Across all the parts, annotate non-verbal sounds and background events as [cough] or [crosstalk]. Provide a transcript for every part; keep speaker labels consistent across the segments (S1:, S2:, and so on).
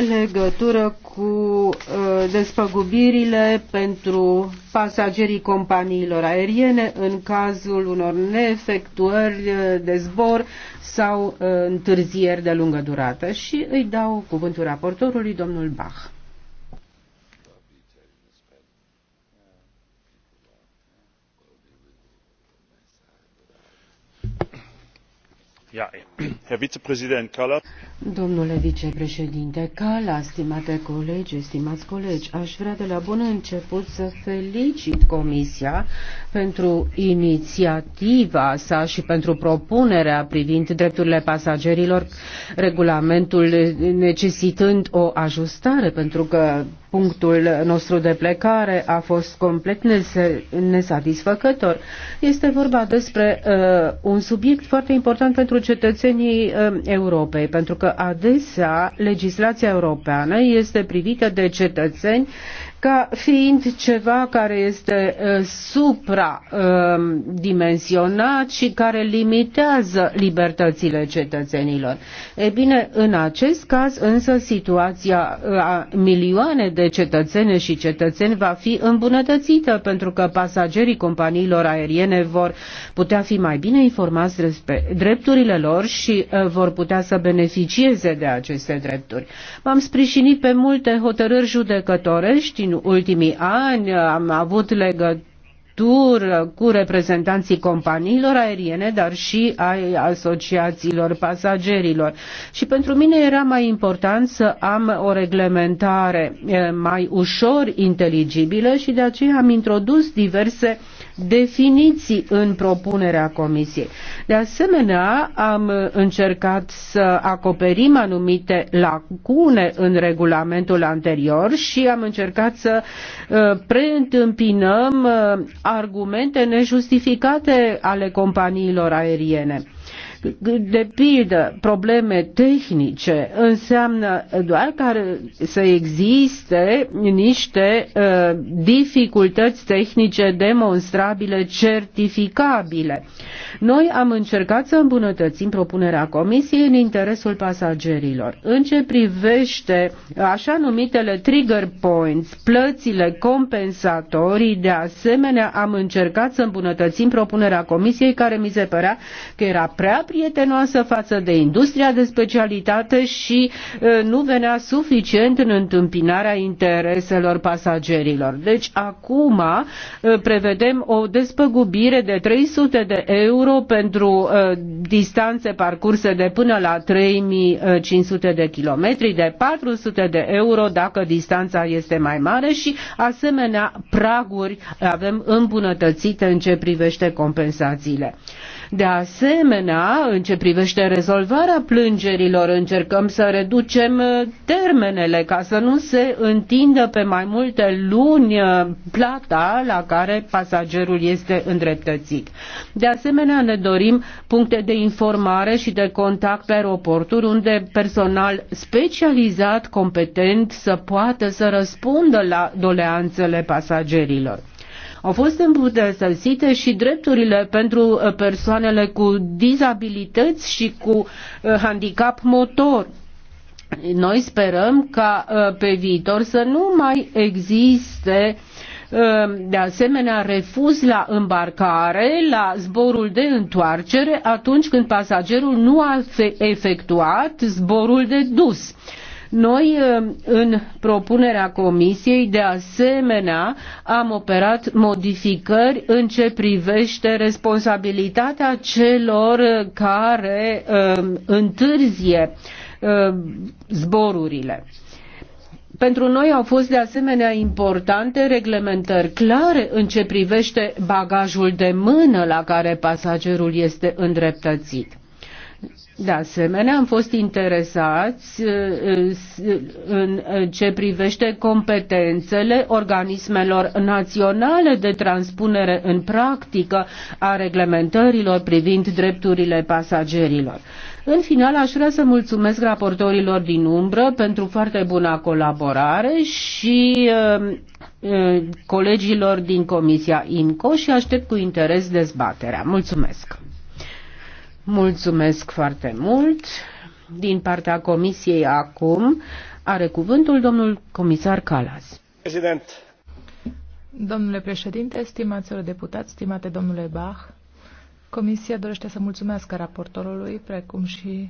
S1: legătură cu uh, despăgubirile pentru pasagerii companiilor aeriene în cazul unor neefectuări uh, de zbor sau uh, întârzieri de lungă durată. Și îi dau cuvântul raportorului, domnul Bach. Domnule vicepreședinte Cala, stimate colegi, stimați colegi, aș vrea de la bun început să felicit Comisia pentru inițiativa sa și pentru propunerea privind drepturile pasagerilor, regulamentul necesitând o ajustare, pentru că punctul nostru de plecare a fost complet nesatisfăcător. Este vorba despre uh, un subiect foarte important pentru cetățenii uh, Europei, pentru că adesea legislația europeană este privită de cetățeni ca fiind ceva care este ă, supradimensionat ă, și care limitează libertățile cetățenilor. E bine, în acest caz însă situația ă, a milioane de cetățene și cetățeni va fi îmbunătățită pentru că pasagerii companiilor aeriene vor putea fi mai bine informați despre drepturile lor și vor putea să beneficieze de aceste drepturi. M-am sprijinit pe multe hotărâri judecătorești în ultimii ani am avut legătură cu reprezentanții companiilor aeriene, dar și ai asociațiilor pasagerilor. Și pentru mine era mai important să am o reglementare eh, mai ușor inteligibilă și de aceea am introdus diverse uh, definiții în propunerea Comisiei. De asemenea, am încercat să acoperim anumite lacune în regulamentul anterior și am încercat să uh, preîntâmpinăm uh, argumente nejustificate ale companiilor aeriene de pildă, probleme tehnice înseamnă doar că să existe niște uh, dificultăți tehnice demonstrabile, certificabile. Noi am încercat să îmbunătățim propunerea Comisiei în interesul pasagerilor. În ce privește așa numitele trigger points, plățile compensatorii, de asemenea am încercat să îmbunătățim propunerea Comisiei care mi se părea că era prea prietenoasă față de industria de specialitate și nu venea suficient în întâmpinarea intereselor pasagerilor. Deci acum prevedem o despăgubire de 300 de euro pentru distanțe parcurse de până la 3500 de kilometri, de 400 de euro dacă distanța este mai mare și asemenea praguri avem îmbunătățite în ce privește compensațiile. De asemenea, în ce privește rezolvarea plângerilor, încercăm să reducem uh, termenele ca să nu se întindă pe mai multe luni uh, plata la care pasagerul este îndreptățit. De asemenea, ne dorim puncte de informare și de contact pe aeroporturi unde personal specializat, competent să poată să răspundă la doleanțele pasagerilor. Au fost îmbunătățite și drepturile pentru uh, persoanele cu dizabilități și cu uh, handicap motor. Noi sperăm ca uh, pe viitor să nu mai existe de asemenea refuz la îmbarcare, la zborul de întoarcere, atunci când pasagerul nu a efectuat zborul de dus. Noi, ă, în propunerea Comisiei, de asemenea, am operat modificări în ce privește responsabilitatea celor ă, care ă, întârzie zborurile. Pentru noi au fost de asemenea importante reglementări clare în ce privește bagajul de mână la care pasagerul este îndreptățit. De asemenea, am fost interesați uh, uh, în ce privește competențele organismelor naționale de transpunere în practică a reglementărilor privind drepturile pasagerilor. În final, aș vrea să mulțumesc raportorilor din umbră pentru foarte bună colaborare și uh, colegilor din Comisia INCO și aștept cu interes dezbaterea. Mulțumesc! Mulțumesc foarte mult. Din partea Comisiei acum are cuvântul domnul comisar Calas.
S2: Prezident.
S3: Domnule președinte, stimați deputați, stimate domnule Bach, Comisia dorește să mulțumească raportorului, precum și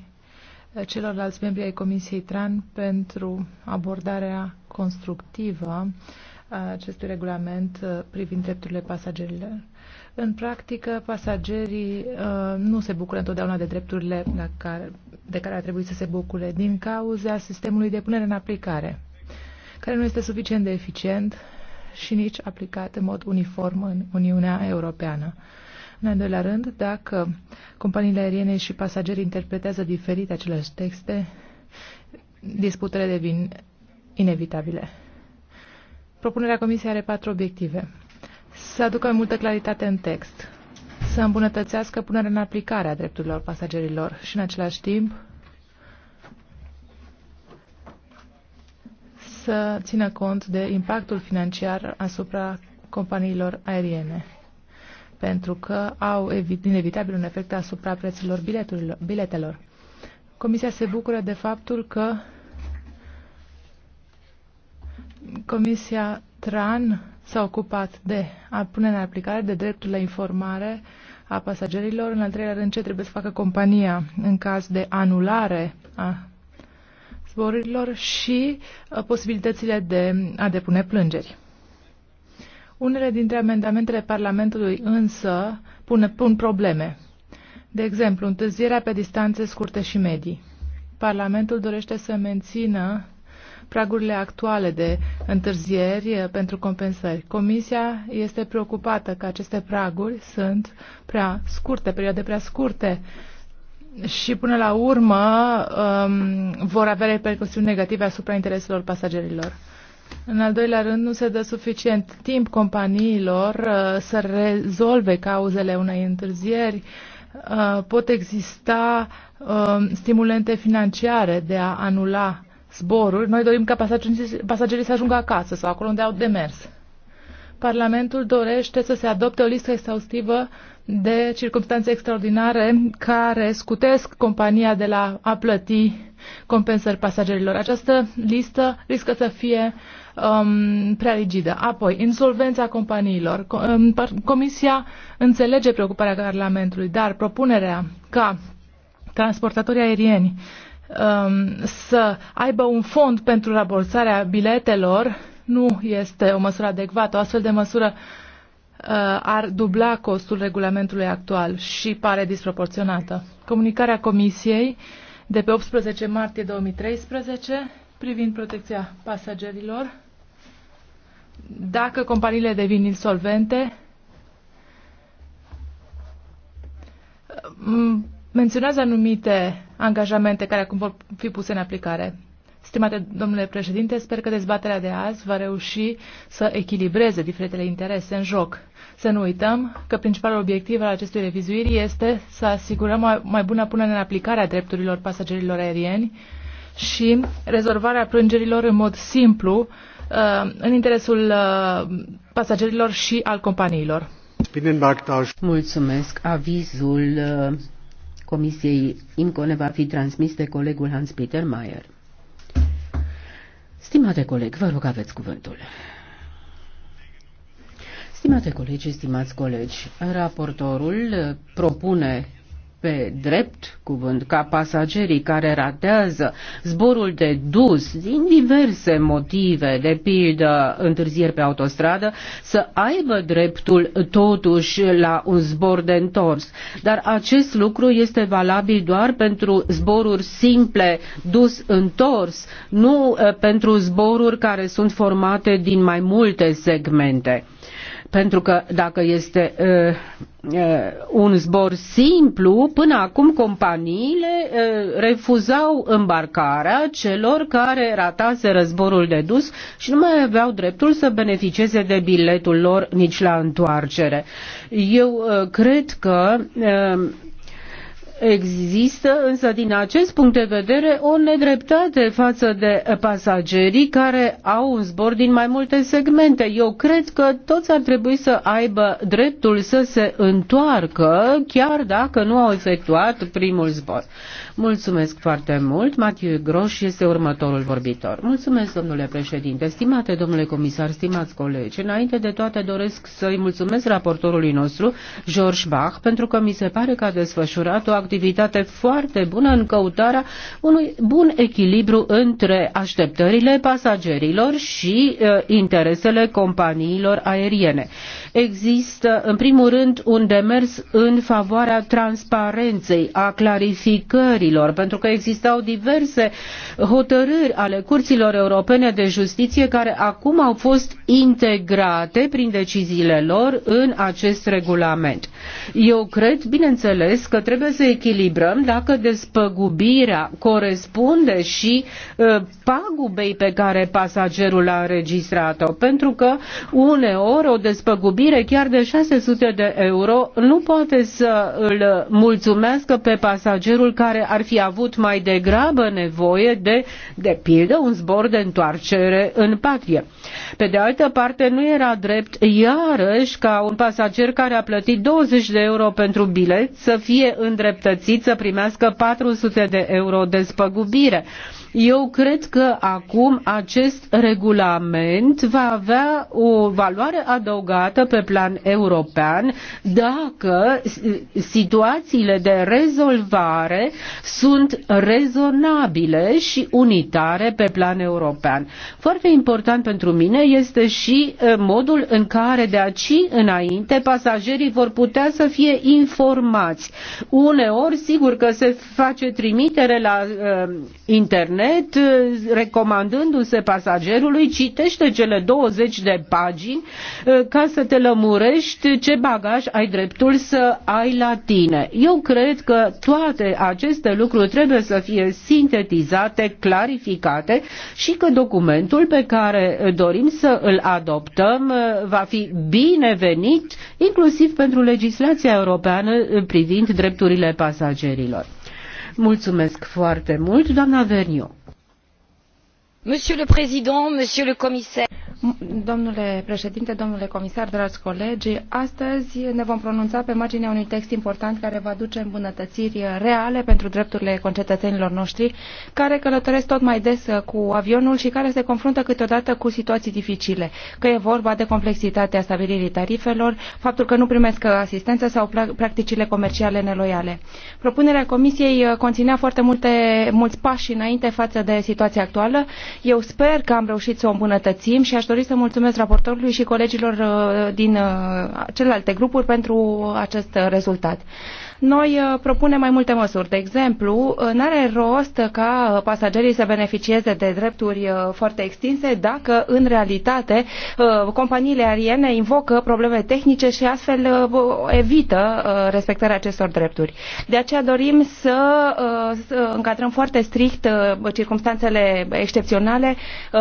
S3: eh, celorlalți membri ai Comisiei TRAN pentru abordarea constructivă a acestui regulament eh, privind drepturile pasagerilor. În practică, pasagerii uh, nu se bucură întotdeauna de drepturile la care, de care ar trebui să se bucure din cauza sistemului de punere în aplicare, care nu este suficient de eficient și nici aplicat în mod uniform în Uniunea Europeană. În al doilea rând, dacă companiile aeriene și pasagerii interpretează diferit aceleași texte, disputele devin inevitabile. Propunerea Comisiei are patru obiective să aducă multă claritate în text, să îmbunătățească punerea în aplicare a drepturilor pasagerilor și, în același timp, să țină cont de impactul financiar asupra companiilor aeriene, pentru că au inevitabil un efect asupra prețurilor biletelor. Comisia se bucură de faptul că Comisia TRAN s-a ocupat de a pune în aplicare de dreptul la informare a pasagerilor, în al treilea rând ce trebuie să facă compania în caz de anulare a zborurilor și uh, posibilitățile de a depune plângeri. Unele dintre amendamentele Parlamentului însă pune, pun probleme. De exemplu, întârzierea pe distanțe scurte și medii. Parlamentul dorește să mențină pragurile actuale de întârzieri eh, pentru compensări. Comisia este preocupată că aceste praguri sunt prea scurte, perioade prea scurte și până la urmă um, vor avea repercusiuni negative asupra intereselor pasagerilor. În al doilea rând, nu se dă suficient timp companiilor uh, să rezolve cauzele unei întârzieri. Uh, pot exista uh, stimulente financiare de a anula zboruri, noi dorim ca pasagerii să ajungă acasă sau acolo unde au demers. Parlamentul dorește să se adopte o listă exhaustivă de circunstanțe extraordinare care scutesc compania de la a plăti compensări pasagerilor. Această listă riscă să fie um, prea rigidă. Apoi, insolvența companiilor. Um, Comisia înțelege preocuparea Parlamentului, dar propunerea ca transportatorii aerieni Um, să aibă un fond pentru rambursarea biletelor nu este o măsură adecvată. O astfel de măsură uh, ar dubla costul regulamentului actual și pare disproporționată. Comunicarea Comisiei de pe 18 martie 2013 privind protecția pasagerilor, dacă companiile devin insolvente, uh, menționează anumite angajamente care acum vor fi puse în aplicare. Stimate domnule președinte, sper că dezbaterea de azi va reuși să echilibreze diferitele interese în joc. Să nu uităm că principalul obiectiv al acestui revizuiri este să asigurăm mai bună punere în aplicare a drepturilor pasagerilor aerieni și rezolvarea plângerilor în mod simplu uh, în interesul uh, pasagerilor și al companiilor.
S1: Mulțumesc. Avizul uh, Comisiei IMCO ne va fi transmis de colegul Hans-Peter Mayer. Stimate coleg, vă rog aveți cuvântul. Stimate colegi, stimați colegi, raportorul propune pe drept cuvânt ca pasagerii care ratează zborul de dus din diverse motive, de pildă întârzieri pe autostradă, să aibă dreptul totuși la un zbor de întors. Dar acest lucru este valabil doar pentru zboruri simple dus-întors, nu eh, pentru zboruri care sunt formate din mai multe segmente. Pentru că dacă este un zbor simplu, până acum companiile refuzau îmbarcarea celor care rataseră zborul de dus și nu mai aveau dreptul să beneficieze de biletul lor nici la întoarcere. Eu cred că Există însă din acest punct de vedere o nedreptate față de pasagerii care au un zbor din mai multe segmente. Eu cred că toți ar trebui să aibă dreptul să se întoarcă chiar dacă nu au efectuat primul zbor. Mulțumesc foarte mult. Matiu Groș este următorul vorbitor. Mulțumesc, domnule președinte, stimate domnule comisar, stimați colegi. Înainte de toate doresc să-i mulțumesc raportorului nostru, George Bach, pentru că mi se pare că a desfășurat o activitate foarte bună în căutarea unui bun echilibru între așteptările pasagerilor și uh, interesele companiilor aeriene. Există, în primul rând, un demers în favoarea transparenței, a clarificării curților, pentru că existau diverse hotărâri ale curților europene de justiție care acum au fost integrate prin deciziile lor în acest regulament. Eu cred, bineînțeles, că trebuie să echilibrăm dacă despăgubirea corespunde și uh, pagubei pe care pasagerul a înregistrat-o, pentru că uneori o despăgubire chiar de 600 de euro nu poate să îl mulțumească pe pasagerul care a ar fi avut mai degrabă nevoie de, de pildă, un zbor de întoarcere în patrie. Pe de altă parte, nu era drept iarăși ca un pasager care a plătit 20 de euro pentru bilet să fie îndreptățit să primească 400 de euro de spăgubire. Eu cred că acum acest regulament va avea o valoare adăugată pe plan european dacă situațiile de rezolvare sunt rezonabile și unitare pe plan european. Foarte important pentru mine este și eh, modul în care de aici înainte pasagerii vor putea să fie informați. Uneori, sigur că se face trimitere la uh, internet uh, recomandându-se pasagerului citește cele 20 de pagini uh, ca să te lămurești ce bagaj ai dreptul să ai la tine. Eu cred că toate aceste lucruri trebuie să fie sintetizate, clarificate și că documentul pe care dorim să îl adoptăm uh, va fi binevenit inclusiv pentru legislația europeană uh, privind drepturile pasagerilor. Mulțumesc foarte mult, doamna Verniu.
S4: Monsieur le Président, Monsieur le Commissaire. Domnule președinte, domnule comisar, dragi colegi, astăzi ne vom pronunța pe marginea unui text important care va duce îmbunătățiri reale pentru drepturile concetățenilor noștri, care călătoresc tot mai des cu avionul și care se confruntă câteodată cu situații dificile, că e vorba de complexitatea stabilirii tarifelor, faptul că nu primesc asistență sau practicile comerciale neloiale. Propunerea Comisiei conținea foarte multe, mulți pași înainte față de situația actuală. Eu sper că am reușit să o îmbunătățim și aș dori să mulțumesc raportorului și colegilor uh, din uh, celelalte grupuri pentru acest uh, rezultat. Noi uh, propunem mai multe măsuri. De exemplu, uh, n-are rost ca uh, pasagerii să beneficieze de drepturi foarte extinse dacă, în realitate, companiile aeriene invocă probleme tehnice și astfel evită respectarea acestor drepturi. De aceea dorim să, încadrăm foarte strict circumstanțele excepționale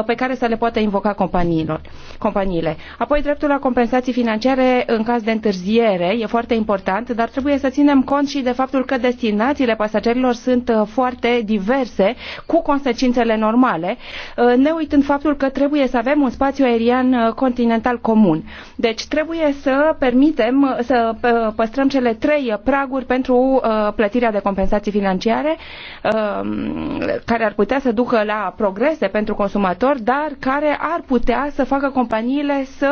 S4: pe care să le poată invoca companiilor, companiile. Apoi, dreptul la compensații financiare în caz de întârziere e foarte important, dar trebuie să ținem cont și de faptul că destinațiile pasagerilor sunt uh, foarte diverse, cu consecințele normale, uh, ne uitând faptul că trebuie să avem un spațiu aerian uh, continental comun. Deci trebuie să permitem să păstrăm cele trei praguri pentru plătirea de compensații financiare um, care ar putea să ducă la progrese pentru consumatori, dar care ar putea să facă companiile să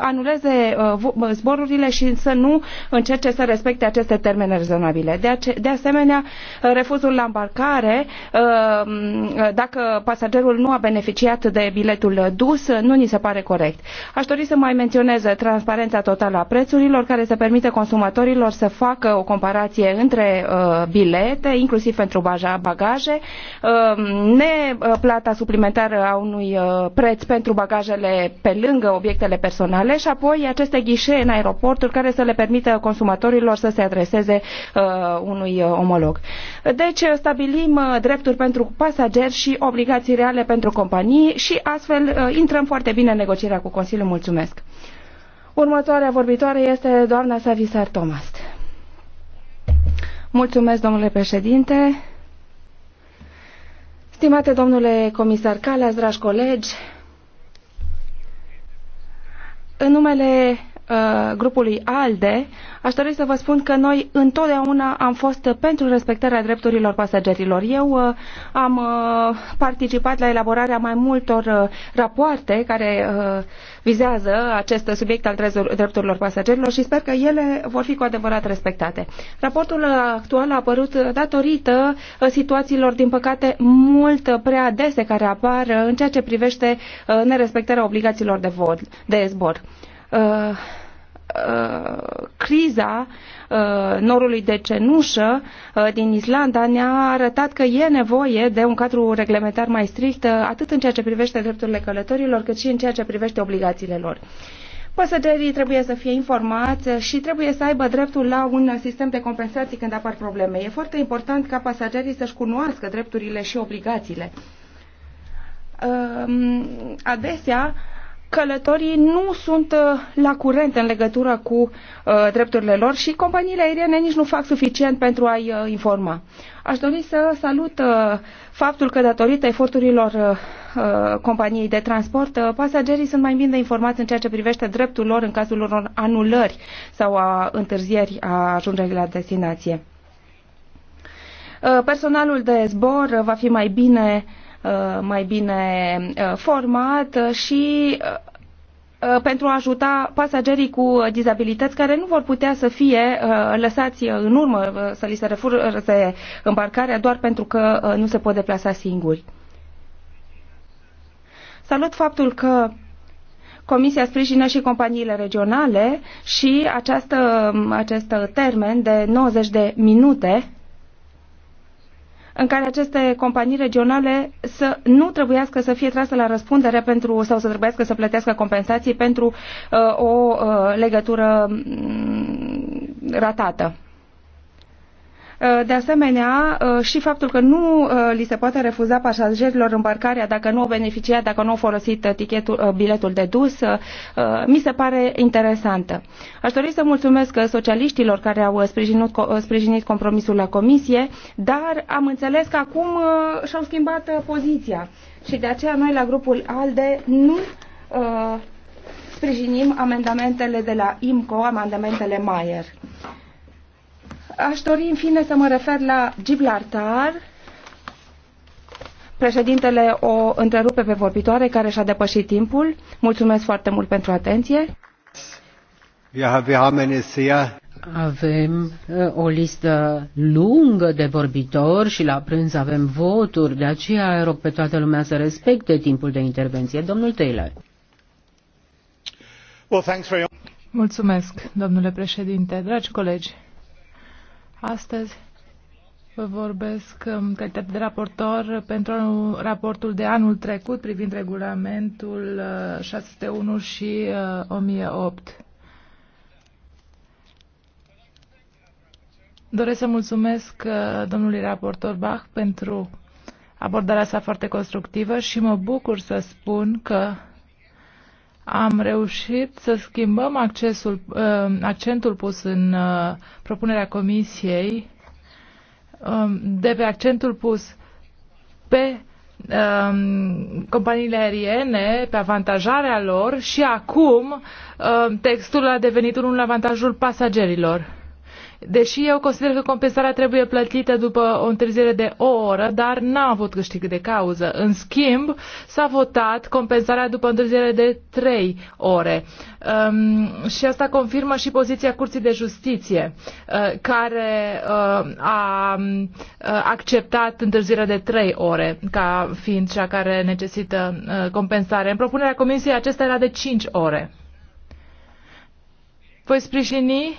S4: anuleze zborurile și să nu încerce să respecte aceste termene nerezonabile. De, ace- de asemenea, refuzul la îmbarcare, um, dacă pasagerul nu a beneficiat de biletul dus, nu ni se pare corect. Aș dori să mai menționez transparența totală a prețurilor, care să permite consumatorilor să facă o comparație între uh, bilete, inclusiv pentru bagaje, um, neplata suplimentară a unui uh, preț pentru bagajele pe lângă obiectele personale și apoi aceste ghișe în aeroporturi care să le permită consumatorilor să se adreseze uh, unui uh, omolog. Deci uh, stabilim uh, drepturi pentru pasageri și obligații reale pentru companii și astfel intrăm foarte bine în negocierea cu Consiliul. Mulțumesc! Următoarea vorbitoare este doamna Savisar Thomas. Mulțumesc, domnule președinte. Stimate domnule comisar Calas, dragi colegi, în numele Uh, grupului ALDE, aș dori să vă spun că noi întotdeauna am fost pentru respectarea drepturilor pasagerilor. Eu uh, am uh, participat la elaborarea mai multor rapoarte care vizează acest subiect al drepturilor pasagerilor și sper că ele vor fi cu adevărat respectate. Raportul actual a apărut datorită situațiilor, din păcate, mult prea dese care apar în ceea ce privește nerespectarea obligațiilor de, vol de zbor. Uh, Uh, criza uh, norului de cenușă uh, din Islanda ne-a arătat că e nevoie de un cadru reglementar mai strict atât în ceea ce privește drepturile călătorilor cât și în ceea ce privește obligațiile lor. Pasagerii trebuie să fie informați și trebuie să aibă dreptul la un sistem de compensații când apar probleme. E foarte important ca pasagerii să-și cunoască drepturile și obligațiile. Um, adesea, călătorii nu sunt uh, la curent în legătură cu uh, drepturile lor și companiile aeriene nici nu fac suficient pentru a-i uh, informa. Aș dori să salut faptul că datorită eforturilor companiei de transport, pasagerii sunt mai bine informați în ceea ce privește dreptul lor în cazul unor anulări sau a întârzieri a ajungerii la destinație. Personalul de zbor va fi mai bine uh, Uh, mai bine uh, format și uh, pentru a ajuta pasagerii cu dizabilități care nu vor putea să fie lăsați în urmă, să li se refuze îmbarcarea doar pentru că nu se pot deplasa singuri. Salut faptul că Comisia sprijină și companiile regionale și această, um, acest termen de 90 de minute în care aceste companii regionale să nu trebuiască să fie trase la răspundere pentru sau să trebuiască să plătească compensații pentru uh, o uh, legătură um, ratată. Uh, de asemenea, uh, și faptul că nu uh, li se poate refuza pasagerilor îmbarcarea dacă nu au beneficiat, dacă nu au folosit tichetul, biletul de dus, mi se pare interesantă. Aș dori să mulțumesc socialiștilor care au sprijinut, sprijinit compromisul la comisie, dar am înțeles că acum și-au schimbat poziția. Și de aceea noi la grupul ALDE nu uh, sprijinim amendamentele de la IMCO, amendamentele Maier. Aș dori, în fine, să mă refer la Gibraltar. Președintele o întrerupe pe vorbitoare care și-a depășit timpul. Mulțumesc foarte mult pentru atenție.
S1: Avem uh, o listă lungă de vorbitori și la prânz avem voturi, de aceea rog pe toată lumea să respecte timpul de intervenție. Domnul Taylor.
S3: Mulțumesc, domnule președinte, dragi colegi. Astăzi vă vorbesc în calitate de raportor pentru raportul de anul trecut privind regulamentul 601 uh, și 1008. Uh, Doresc să mulțumesc uh, domnului raportor Bach pentru abordarea sa foarte constructivă și mă bucur să spun că am reușit să schimbăm accesul, uh, accentul pus în uh, propunerea comisiei um, de pe accentul pus pe um, companiile aeriene, pe avantajarea lor și acum um, textul a devenit unul în avantajul pasagerilor. Deși eu consider că compensarea trebuie plătită după o întârziere de o oră, dar n-a avut câștig de cauză. În schimb, s-a votat compensarea după întârziere de trei ore. Um, și asta confirmă și poziția Curții de Justiție, uh, care uh, a uh, acceptat întârzierea de trei ore ca fiind cea care necesită uh, compensare. În propunerea Comisiei acesta era de cinci ore. Voi sprijini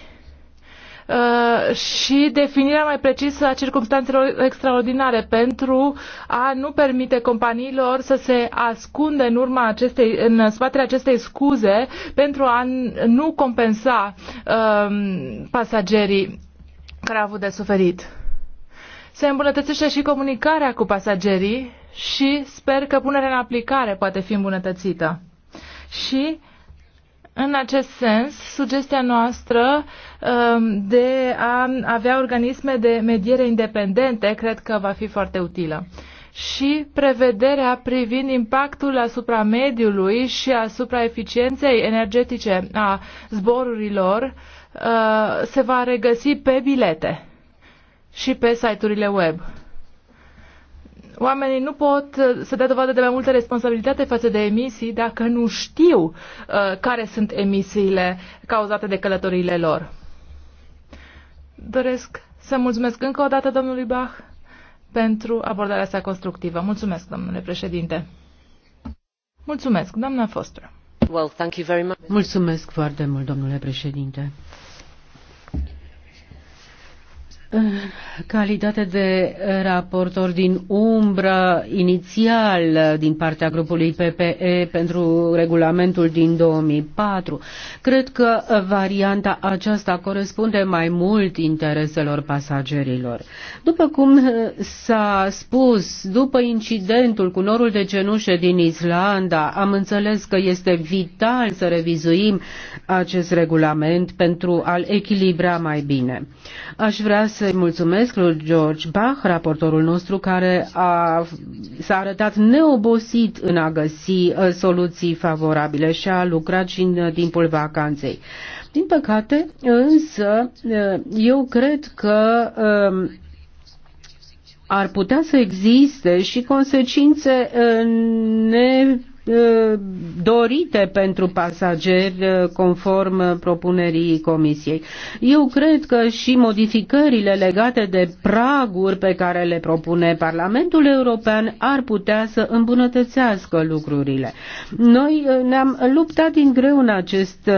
S3: Uh, și definirea mai precisă a circumstanțelor extraordinare pentru a nu permite companiilor să se ascundă în, urma acestei, în spatele acestei scuze pentru a nu compensa um, pasagerii care au avut de suferit. Se îmbunătățește și comunicarea cu pasagerii și sper că punerea în aplicare poate fi îmbunătățită. Și în acest sens, sugestia noastră um, de a avea organisme de mediere independente cred că va fi foarte utilă și prevederea privind impactul asupra mediului și asupra eficienței energetice a zborurilor uh, se va regăsi pe bilete și pe site-urile web. Oamenii nu pot uh, să dea dovadă de mai multă responsabilitate față de emisii dacă nu știu uh, care sunt emisiile cauzate de călătoriile lor. Doresc să mulțumesc încă o dată domnului Bach pentru abordarea sa constructivă. Mulțumesc, domnule președinte.
S1: Mulțumesc, doamna Foster. Well, thank you very much. Mulțumesc foarte mult, domnule președinte calitate de raportor din umbră inițial din partea grupului PPE pentru regulamentul din 2004, cred că varianta aceasta corespunde mai mult intereselor pasagerilor. După cum s-a spus, după incidentul cu norul de cenușe din Islanda, am înțeles că este vital să revizuim acest regulament pentru a-l echilibra mai bine. Aș vrea să să-i mulțumesc lui George Bach, raportorul nostru, care a, s-a arătat neobosit în a găsi uh, soluții favorabile și a lucrat și în uh, timpul vacanței. Din păcate, însă, uh, eu cred că um, ar putea să existe și consecințe ne Uh, dorite pentru pasageri uh, conform propunerii Comisiei. Eu cred că și modificările legate de praguri pe care le propune Parlamentul European ar putea să îmbunătățească lucrurile. Noi uh, ne-am luptat din greu în acest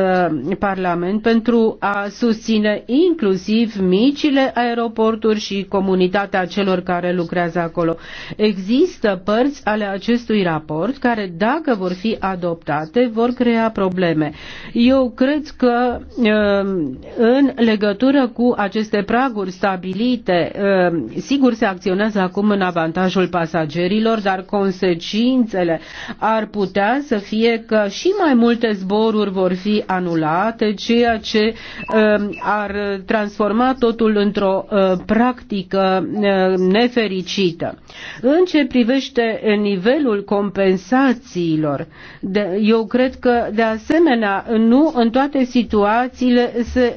S1: Parlament pentru a susține inclusiv micile aeroporturi și comunitatea celor care lucrează acolo. Există părți ale acestui raport care, da, dacă vor fi adoptate, vor crea probleme. Eu cred că um, în legătură cu aceste praguri stabilite, um, sigur se acționează acum în avantajul pasagerilor, dar consecințele ar putea să fie că și mai multe zboruri vor fi anulate, ceea ce um, ar transforma totul într-o uh, practică uh, nefericită. În ce privește nivelul compensației, deciziilor. De, eu cred că, de asemenea, nu în toate situațiile se,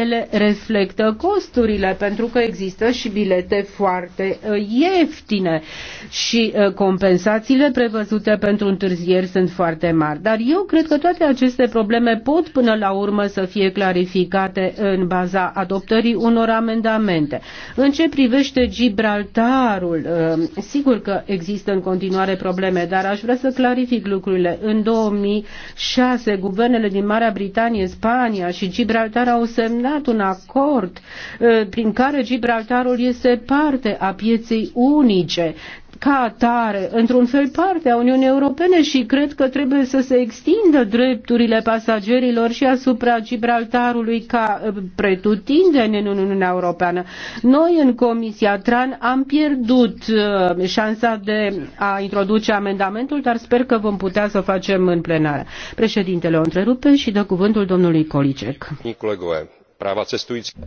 S1: ele reflectă costurile, pentru că există și bilete foarte uh, ieftine și uh, compensațiile prevăzute pentru întârzieri sunt foarte mari. Dar eu cred că toate aceste probleme pot până la urmă să fie clarificate în baza adoptării unor amendamente. În ce privește Gibraltarul, uh, sigur că există în continuare probleme, dar aș vrea să clarific clarific lucrurile. În 2006, guvernele din Marea Britanie, Spania și Gibraltar au semnat un acord uh, prin care Gibraltarul este parte a pieței unice ca atare, într-un fel, parte a Uniunii Europene și cred că trebuie să se extindă drepturile pasagerilor și asupra Gibraltarului ca eh, pretutindeni în Uniunea Europeană. Noi, în Comisia TRAN, am pierdut eh, șansa de a introduce amendamentul, dar sper că vom putea să o facem în plenară. Președintele o întrerupe și dă cuvântul domnului
S2: Colicec.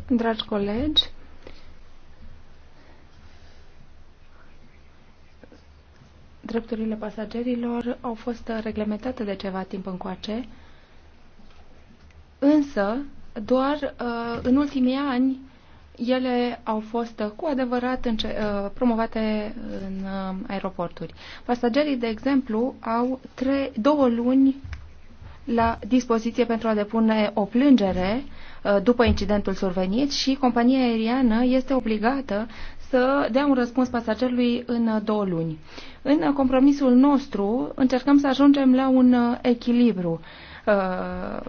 S4: Dragi colegi, Drepturile pasagerilor au fost reglementate de ceva timp încoace, însă doar uh, în ultimii ani ele au fost cu adevărat uh, promovate în uh, aeroporturi. Pasagerii, de exemplu, au tre- două luni la dispoziție pentru a depune o plângere uh, după incidentul survenit și compania aeriană este obligată să dea un răspuns pasagerului în două luni. În compromisul nostru încercăm să ajungem la un echilibru uh,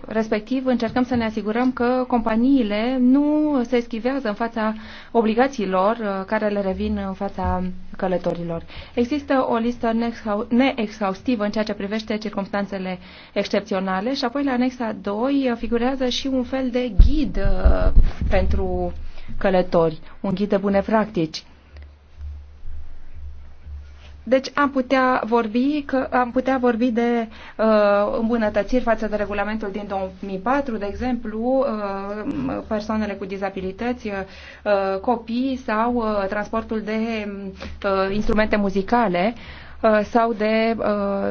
S4: respectiv încercăm să ne asigurăm că companiile nu se eschivează în fața obligațiilor uh, care le revin în fața călătorilor. Există o listă neexhaustivă în ceea ce privește circumstanțele excepționale și apoi la anexa 2 figurează și un fel de ghid uh, pentru călători, un ghid de bune practici. Deci am putea vorbi, că, am putea vorbi de uh, îmbunătățiri față de regulamentul din 2004, de exemplu, uh, persoanele cu dizabilități, uh, copii sau uh, transportul de uh, instrumente muzicale uh, sau de uh,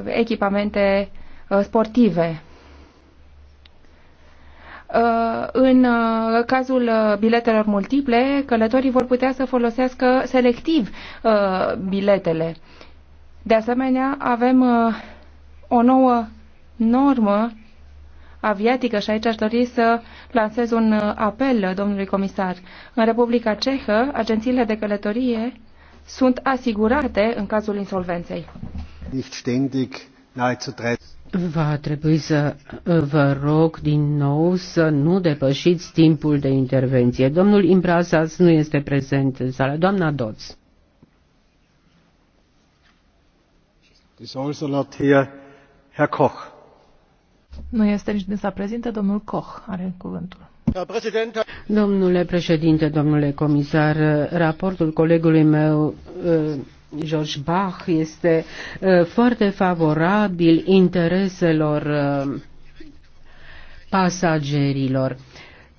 S4: echipamente uh, sportive. Uh, în uh, cazul uh, biletelor multiple, călătorii vor putea să folosească selectiv biletele. De asemenea, avem o nouă normă aviatică și aici aș dori să lansez un apel domnului comisar. În Republica Cehă, agențiile de călătorie sunt asigurate în cazul insolvenței.
S2: Nicht ständig, nahezu 30
S1: Va trebui să uh, vă rog din nou să nu depășiți timpul de intervenție. Domnul Imbrasas nu este prezent în sală.
S2: Doamna Doț. Herr Koch.
S3: Nu este nici din să prezinte, domnul Koch are cuvântul.
S1: Domnule președinte, domnule comisar, raportul colegului meu uh, George Bach este foarte favorabil intereselor pasagerilor,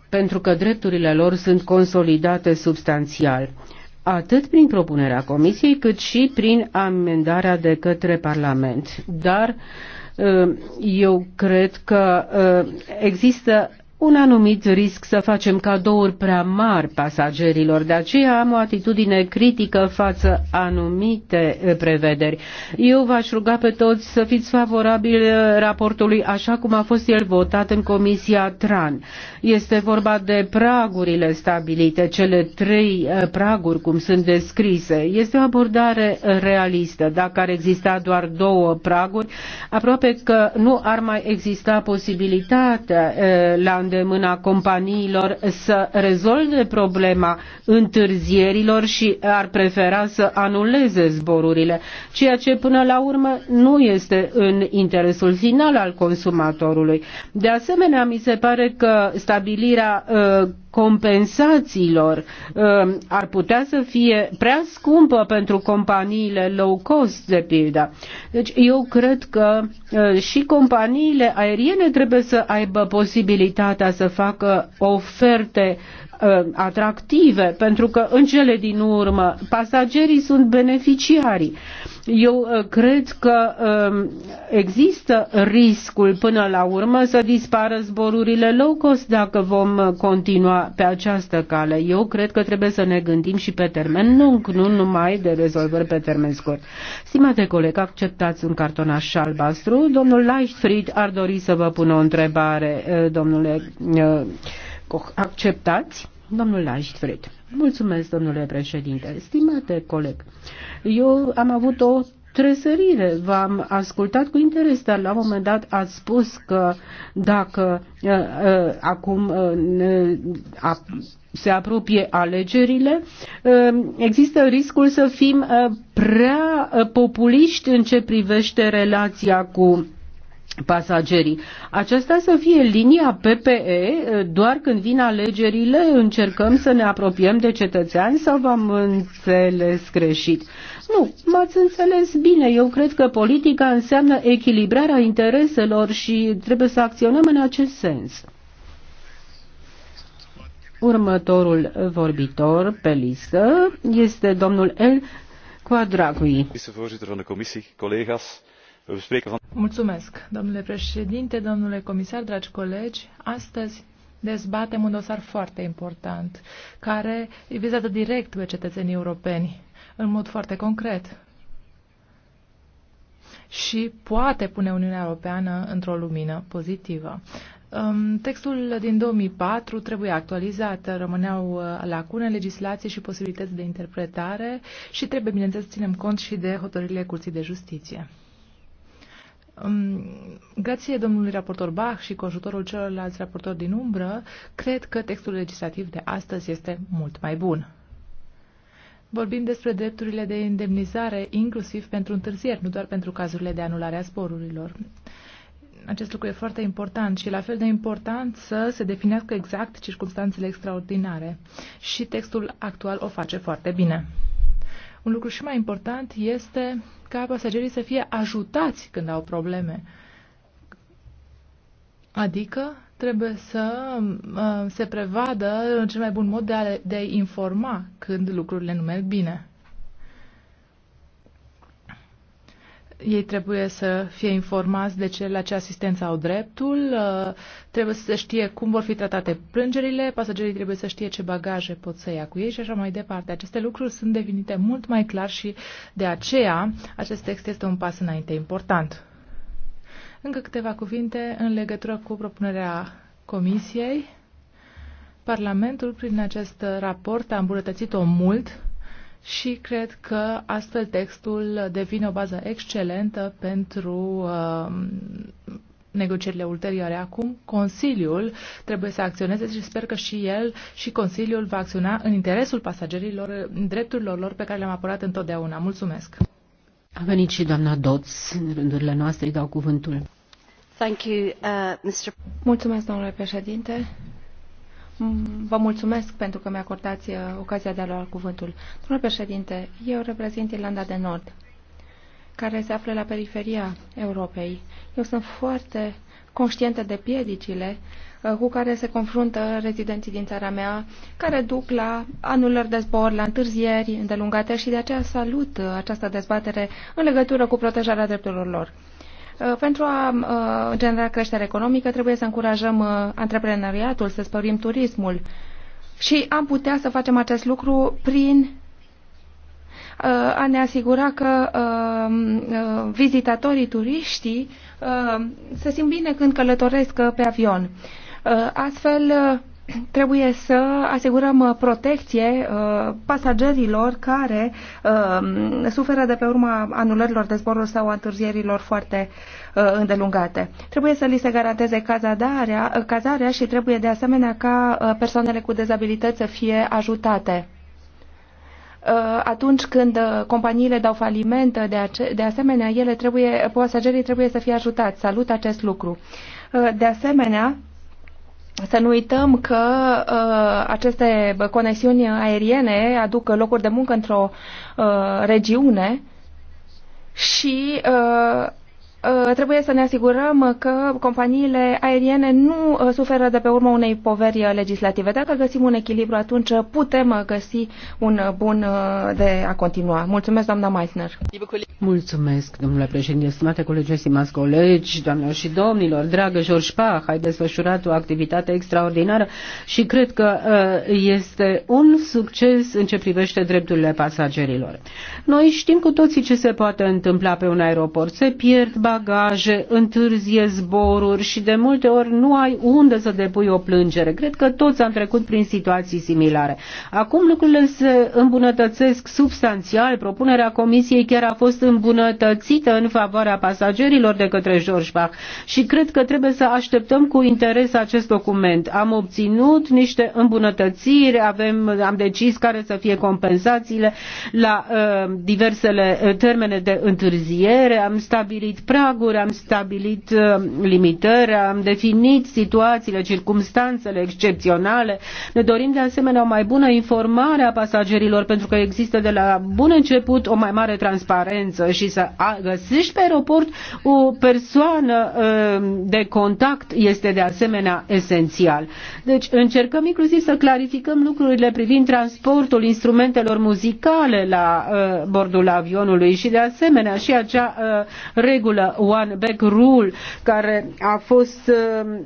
S1: pentru că drepturile lor sunt consolidate substanțial, atât prin propunerea Comisiei, cât și prin amendarea de către Parlament. Dar eu cred că există un anumit risc să facem cadouri prea mari pasagerilor. De aceea am o atitudine critică față anumite eh, prevederi. Eu v-aș ruga pe toți să fiți favorabili eh, raportului așa cum a fost el votat în Comisia TRAN. Este vorba de pragurile stabilite, cele trei eh, praguri cum sunt descrise. Este o abordare realistă. Dacă ar exista doar două praguri, aproape că nu ar mai exista posibilitatea la îndemâna companiilor să rezolve problema întârzierilor și ar prefera să anuleze zborurile, ceea ce până la urmă nu este în interesul final al consumatorului. De asemenea, mi se pare că stabilirea uh, compensațiilor um, ar putea să fie prea scumpă pentru companiile low cost, de pildă. Deci eu cred că uh, și companiile aeriene trebuie să aibă posibilitatea să facă oferte uh, atractive, pentru că în cele din urmă pasagerii sunt beneficiarii. Eu uh, cred că um, există riscul până la urmă să dispară zborurile low cost dacă vom uh, continua pe această cale. Eu cred că trebuie să ne gândim și pe termen lung, nu numai de rezolvări pe termen scurt. Stimate coleg, acceptați un cartonaș albastru. Domnul Leichtfried ar dori să vă pună o întrebare, uh, domnule Koch. Acceptați? Domnul Leichtfried. Mulțumesc, domnule președinte. Stimate coleg, eu am avut o tresărire. V-am ascultat cu interes, dar la un moment dat ați spus că dacă uh, uh, acum uh, a, se apropie alegerile, uh, există riscul să fim uh, prea uh, populiști în ce privește relația cu pasagerii. Aceasta să fie linia PPE, doar când vin alegerile încercăm să ne apropiem de cetățeani sau v-am înțeles greșit? Nu, m-ați înțeles bine. Eu cred că politica înseamnă echilibrarea intereselor și trebuie să acționăm în acest sens. Următorul vorbitor pe listă
S3: este domnul El Quadragui.
S2: Vicevoorzitter van de comisie, collega's. Mulțumesc,
S3: domnule președinte, domnule comisar, dragi colegi. Astăzi dezbatem un dosar foarte important, care vizează direct pe cetățenii europeni, în mod foarte concret. Și poate pune Uniunea Europeană într-o lumină pozitivă. Um, textul din 2004 trebuie actualizat, rămâneau uh, lacune legislației și posibilități de interpretare și trebuie, bineînțeles, ținem cont și de hotărârile Curții de Justiție. Grație domnului raportor Bach și cu ajutorul celorlalți raportori din umbră, cred că textul legislativ de astăzi este mult mai bun. Vorbim despre drepturile de indemnizare, inclusiv pentru întârzieri, nu doar pentru cazurile de anulare a sporurilor. Acest lucru e foarte important și la fel de important să se definească exact circunstanțele extraordinare. Și textul actual o face foarte bine. Un lucru și mai important este ca pasagerii să fie ajutați când au probleme. Adică trebuie să uh, se prevadă în cel mai bun mod de a, de a informa când lucrurile nu merg bine. Ei trebuie să fie informați de ce, la ce asistență au dreptul, uh, trebuie să știe cum vor fi tratate plângerile, pasagerii trebuie să știe ce bagaje pot să ia cu ei și așa mai departe. Aceste lucruri sunt devenite mult mai clar și de aceea acest text este un pas înainte important. Încă câteva cuvinte în legătură cu propunerea Comisiei. Parlamentul, prin acest raport, a îmbunătățit-o mult și cred că astfel textul devine o bază excelentă pentru uh, negocierile ulterioare. Acum Consiliul trebuie să acționeze și sper că și el și Consiliul va acționa în interesul pasagerilor, drepturilor lor pe care le-am apărat întotdeauna. Mulțumesc!
S1: A venit și doamna Doț în rândurile noastre, îi dau cuvântul.
S3: Thank you, uh, Mr. Mulțumesc, domnule președinte.
S4: Vă mulțumesc pentru că mi-a acordat uh, ocazia de a lua cuvântul. Domnule președinte, eu reprezint Irlanda de Nord, care se află la periferia Europei. Eu sunt foarte conștientă de piedicile uh, cu care se confruntă rezidenții din țara mea, care duc la anulări de zbor, la întârzieri îndelungate și de aceea salut uh, această dezbatere în legătură cu protejarea drepturilor lor. Uh, pentru a uh, genera creștere economică trebuie să încurajăm uh, antreprenoriatul, să spărim turismul și am putea să facem acest lucru prin a ne asigura că vizitatorii, turiștii se simt bine când călătoresc pe avion. Astfel, trebuie să asigurăm uh, protecție uh, pasagerilor care uh, suferă de pe urma anulărilor de zboruri sau întârzierilor foarte îndelungate. Trebuie să li se garanteze cazadarea, cazarea și trebuie de asemenea ca persoanele cu dezabilități să fie ajutate atunci când companiile dau faliment, de, ace- de asemenea, ele trebuie, pasagerii trebuie să fie ajutați. Salut acest lucru. De asemenea, să nu uităm că uh, aceste conexiuni aeriene aduc locuri de muncă într-o uh, regiune și uh, Uh, trebuie să ne asigurăm că companiile aeriene nu uh, suferă de pe urmă unei poveri uh, legislative. Dacă găsim un echilibru, atunci putem găsi un bun de a continua. Mulțumesc, doamna Meissner.
S1: Mulțumesc, domnule președinte, stimate colegi, stimați colegi, doamnelor și domnilor, dragă George Pach, ai desfășurat o activitate extraordinară și cred că este un succes în ce privește drepturile pasagerilor. Noi știm cu toții ce se poate întâmpla pe un aeroport. Se pierd bagaje, întârzie zboruri și de multe ori nu ai unde să depui o plângere. Cred că toți am trecut prin situații similare. Acum lucrurile se îmbunătățesc substanțial. Propunerea comisiei chiar a fost îmbunătățită în favoarea pasagerilor de către George Bach și cred că trebuie să așteptăm cu interes acest document. Am obținut niște îmbunătățiri, avem, am decis care să fie compensațiile la uh, diversele uh, termene de întârziere, am stabilit pre praguri, am stabilit uh, limitări, am definit situațiile, circumstanțele excepționale. Ne dorim de asemenea o mai bună informare a pasagerilor pentru că există de la bun început o mai mare transparență și să găsești pe aeroport o persoană uh, de contact este de asemenea esențial. Deci încercăm inclusiv să clarificăm lucrurile privind transportul instrumentelor muzicale la uh, bordul avionului și de asemenea și acea regulă One Back Rule, care a fost uh,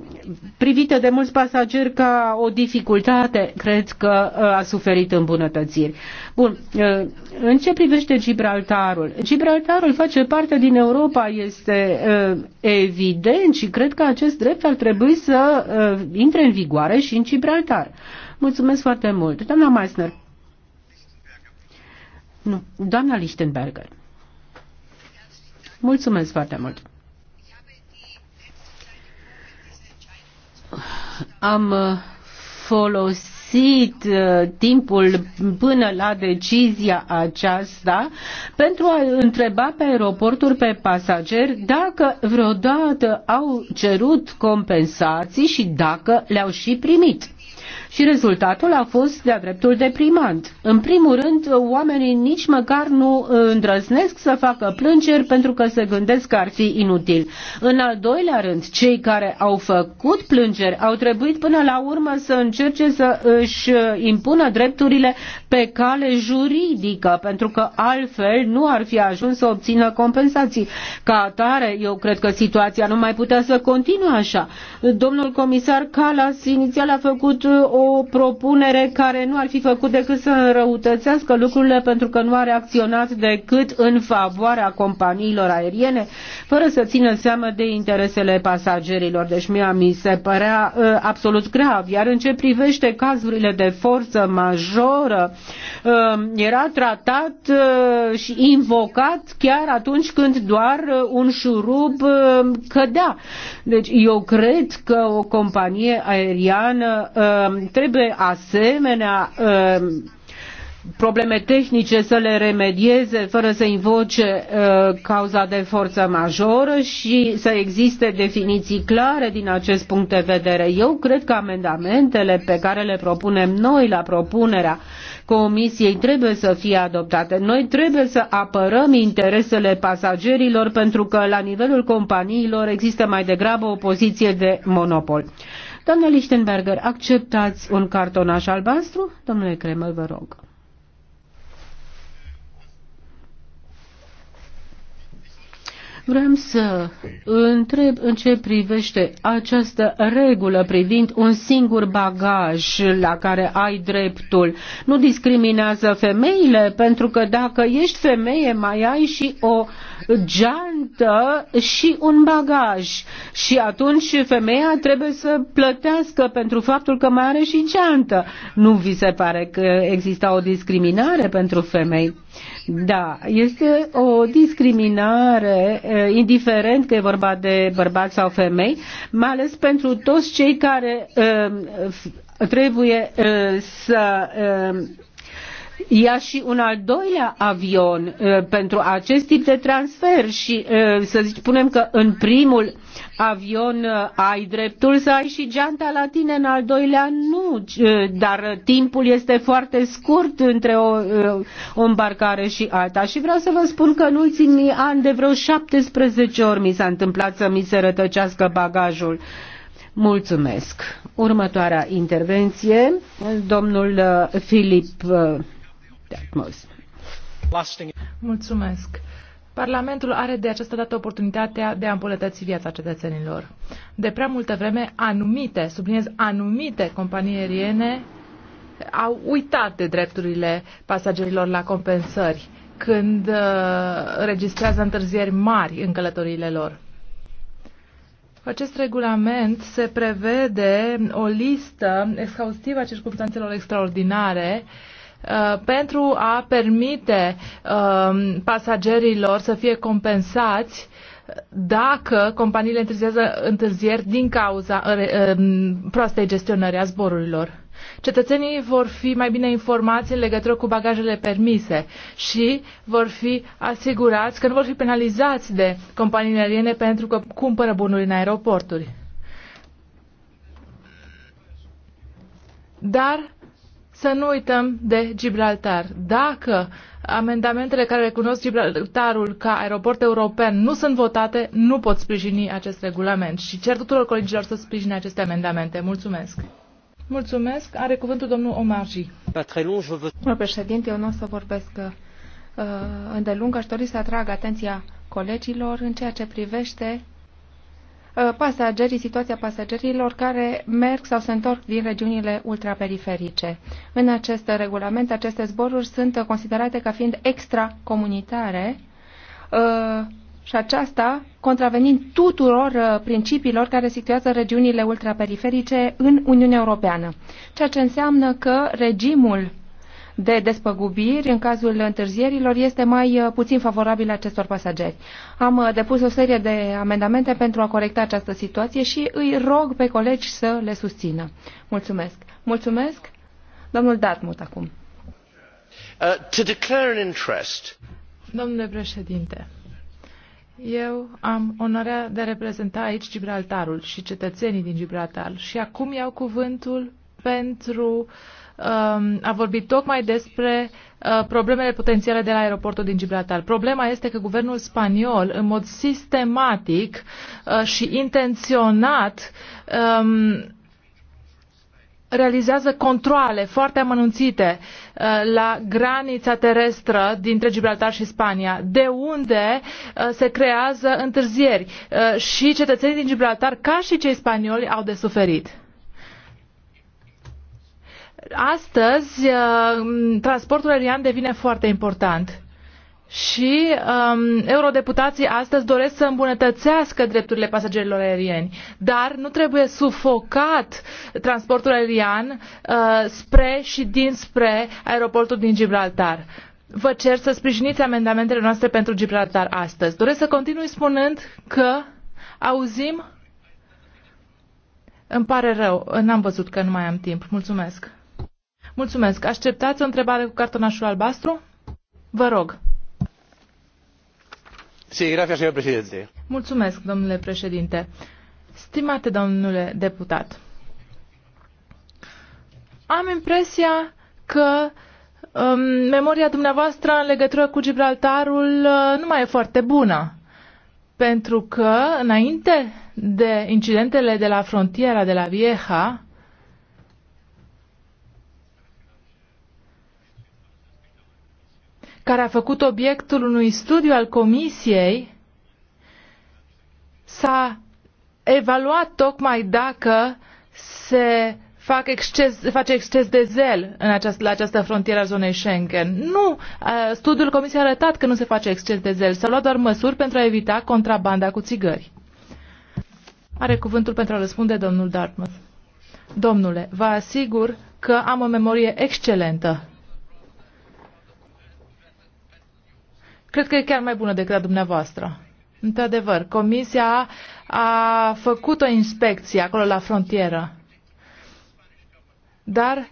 S1: privită de mulți pasageri ca o dificultate, cred că uh, a suferit îmbunătățiri. Bun, uh, în ce privește Gibraltarul? Gibraltarul face parte din Europa, este evident și cred că acest drept ar trebui să intre în vigoare și în Gibraltar. Mulțumesc foarte mult. Doamna Meissner. Nu, doamna Lichtenberger. Mulțumesc foarte mult! Am uh, folosit uh, timpul până la decizia aceasta pentru a întreba pe aeroporturi, pe pasageri, dacă vreodată au cerut compensații și dacă le-au și primit și rezultatul a fost de-a dreptul deprimant. În primul rând, oamenii nici măcar nu uh, îndrăznesc să facă plângeri pentru că se gândesc că ar fi inutil. În al doilea rând, cei care au făcut plângeri au trebuit până la urmă să încerce să uh, își uh, impună drepturile pe cale juridică, pentru că altfel nu ar fi ajuns să obțină compensații. Ca atare, eu cred că situația nu mai putea să continue așa. Domnul comisar Calas inițial a făcut o o propunere care nu ar fi făcut decât să înrăutățească lucrurile pentru că nu a reacționat decât în favoarea companiilor aeriene, fără să țină seama de interesele pasagerilor. Deci mie mi se părea uh, absolut grav. Iar în ce privește cazurile de forță majoră, uh, era tratat uh, și invocat chiar atunci când doar uh, un șurub uh, cădea. Deci eu cred că o companie aeriană uh, trebuie asemenea um, probleme tehnice să le remedieze fără să invoce uh, cauza de forță majoră și să existe definiții clare din acest punct de vedere. Eu cred că amendamentele pe care le propunem noi la propunerea Comisiei trebuie să fie adoptate. Noi trebuie să apărăm interesele pasagerilor pentru că la nivelul companiilor există mai degrabă o poziție de monopol. Doamna Lichtenberger, acceptați un cartonaș albastru? Domnule Kreml, vă rog. Vrem să întreb în ce privește această regulă privind un singur bagaj la care ai dreptul. Nu discriminează femeile, pentru că dacă ești femeie mai ai și o uh, geantă și un bagaj. Și atunci femeia trebuie să plătească pentru faptul că mai are și geantă. Nu vi se pare că exista o discriminare pentru femei? Da, este o discriminare, indiferent că e vorba de bărbați sau femei, mai ales pentru toți cei care trebuie să ia și un al doilea avion uh, pentru acest tip de transfer și uh, să zic, punem că în primul avion uh, ai dreptul să ai și geanta la tine, în al doilea nu, dar timpul este foarte scurt între o, o îmbarcare și alta. Și vreau să vă spun că în ultimii ani de vreo 17 ori mi s-a întâmplat să mi se rătăcească bagajul. Mulțumesc. Următoarea intervenție, domnul Filip
S3: Mulțumesc. Parlamentul are de această dată oportunitatea de a îmbunătăți viața cetățenilor. De prea multă vreme, anumite, subliniez anumite companii aeriene au uitat de drepturile pasagerilor la compensări când uh, registrează întârzieri mari în călătoriile lor. Cu acest regulament se prevede o listă exhaustivă a circumstanțelor extraordinare uh, Uh, pentru a permite um, pasagerilor să fie compensați dacă companiile întârziază întârzieri din cauza uh, uh, proastei gestionări a zborurilor. Cetățenii vor fi mai bine informați în legătură cu bagajele permise și vor fi asigurați că nu vor fi penalizați de companiile aeriene pentru că cumpără bunuri în aeroporturi. Dar să nu uităm de Gibraltar. Dacă amendamentele care recunosc Gibraltarul ca aeroport european nu sunt votate, nu pot sprijini acest regulament și cer tuturor colegilor să sprijine aceste amendamente. Mulțumesc! Mulțumesc. Are cuvântul domnul Omarji. Domnul președinte, eu nu o să vorbesc
S4: uh, îndelung. Aș dori să atrag atenția colegilor în ceea ce privește Uh, pasagerii, situația pasagerilor care merg sau se întorc din regiunile ultraperiferice. În acest regulament, aceste zboruri sunt considerate ca fiind extracomunitare uh, și aceasta contravenind tuturor uh, principiilor care situează regiunile ultraperiferice în Uniunea Europeană, ceea ce înseamnă că regimul de despăgubiri în cazul întârzierilor este mai uh, puțin favorabil acestor pasageri. Am uh, depus o serie de amendamente pentru a corecta această situație și îi rog pe colegi să le susțină. Mulțumesc.
S3: Mulțumesc. Domnul Dartmouth acum.
S2: Uh, to declare an interest.
S3: Domnule președinte, eu am onoarea de a reprezenta aici Gibraltarul și cetățenii din Gibraltar și acum iau cuvântul pentru um, a vorbi tocmai despre uh, problemele potențiale de la aeroportul din Gibraltar. Problema este că guvernul spaniol, în mod sistematic uh, și intenționat, um, realizează controle foarte amănunțite uh, la granița terestră dintre Gibraltar și Spania, de unde se creează întârzieri și cetățenii din Gibraltar, ca și cei spanioli, au de suferit astăzi uh, transportul aerian devine foarte important. Și um, eurodeputații astăzi doresc să îmbunătățească drepturile pasagerilor aerieni, dar nu trebuie sufocat transportul aerian uh, spre și dinspre aeroportul din Gibraltar. Vă cer să sprijiniți amendamentele noastre pentru Gibraltar astăzi. Doresc să continui spunând că auzim. Îmi pare rău, n-am văzut că nu mai am timp. Mulțumesc. Mulțumesc. Așteptați o întrebare cu cartonașul albastru? Vă rog.
S2: Sí, gracias, señor presidente.
S3: Mulțumesc, domnule președinte. Stimate domnule deputat, am impresia că um, memoria dumneavoastră în legătură cu Gibraltarul uh, nu mai e foarte bună. Pentru că, înainte de incidentele de la frontiera de la Vieja, care a făcut obiectul unui studiu al Comisiei, s-a evaluat tocmai dacă se fac exces, face exces de zel în această, la această frontieră a zonei Schengen. Nu, studiul Comisiei a arătat că nu se face exces de zel. S-au luat doar măsuri pentru a evita contrabanda cu țigări. Are cuvântul pentru a răspunde domnul Dartmouth. Domnule, vă asigur că am o memorie excelentă. Cred că e chiar mai bună decât a dumneavoastră. Într-adevăr, comisia a făcut o inspecție acolo la frontieră. Dar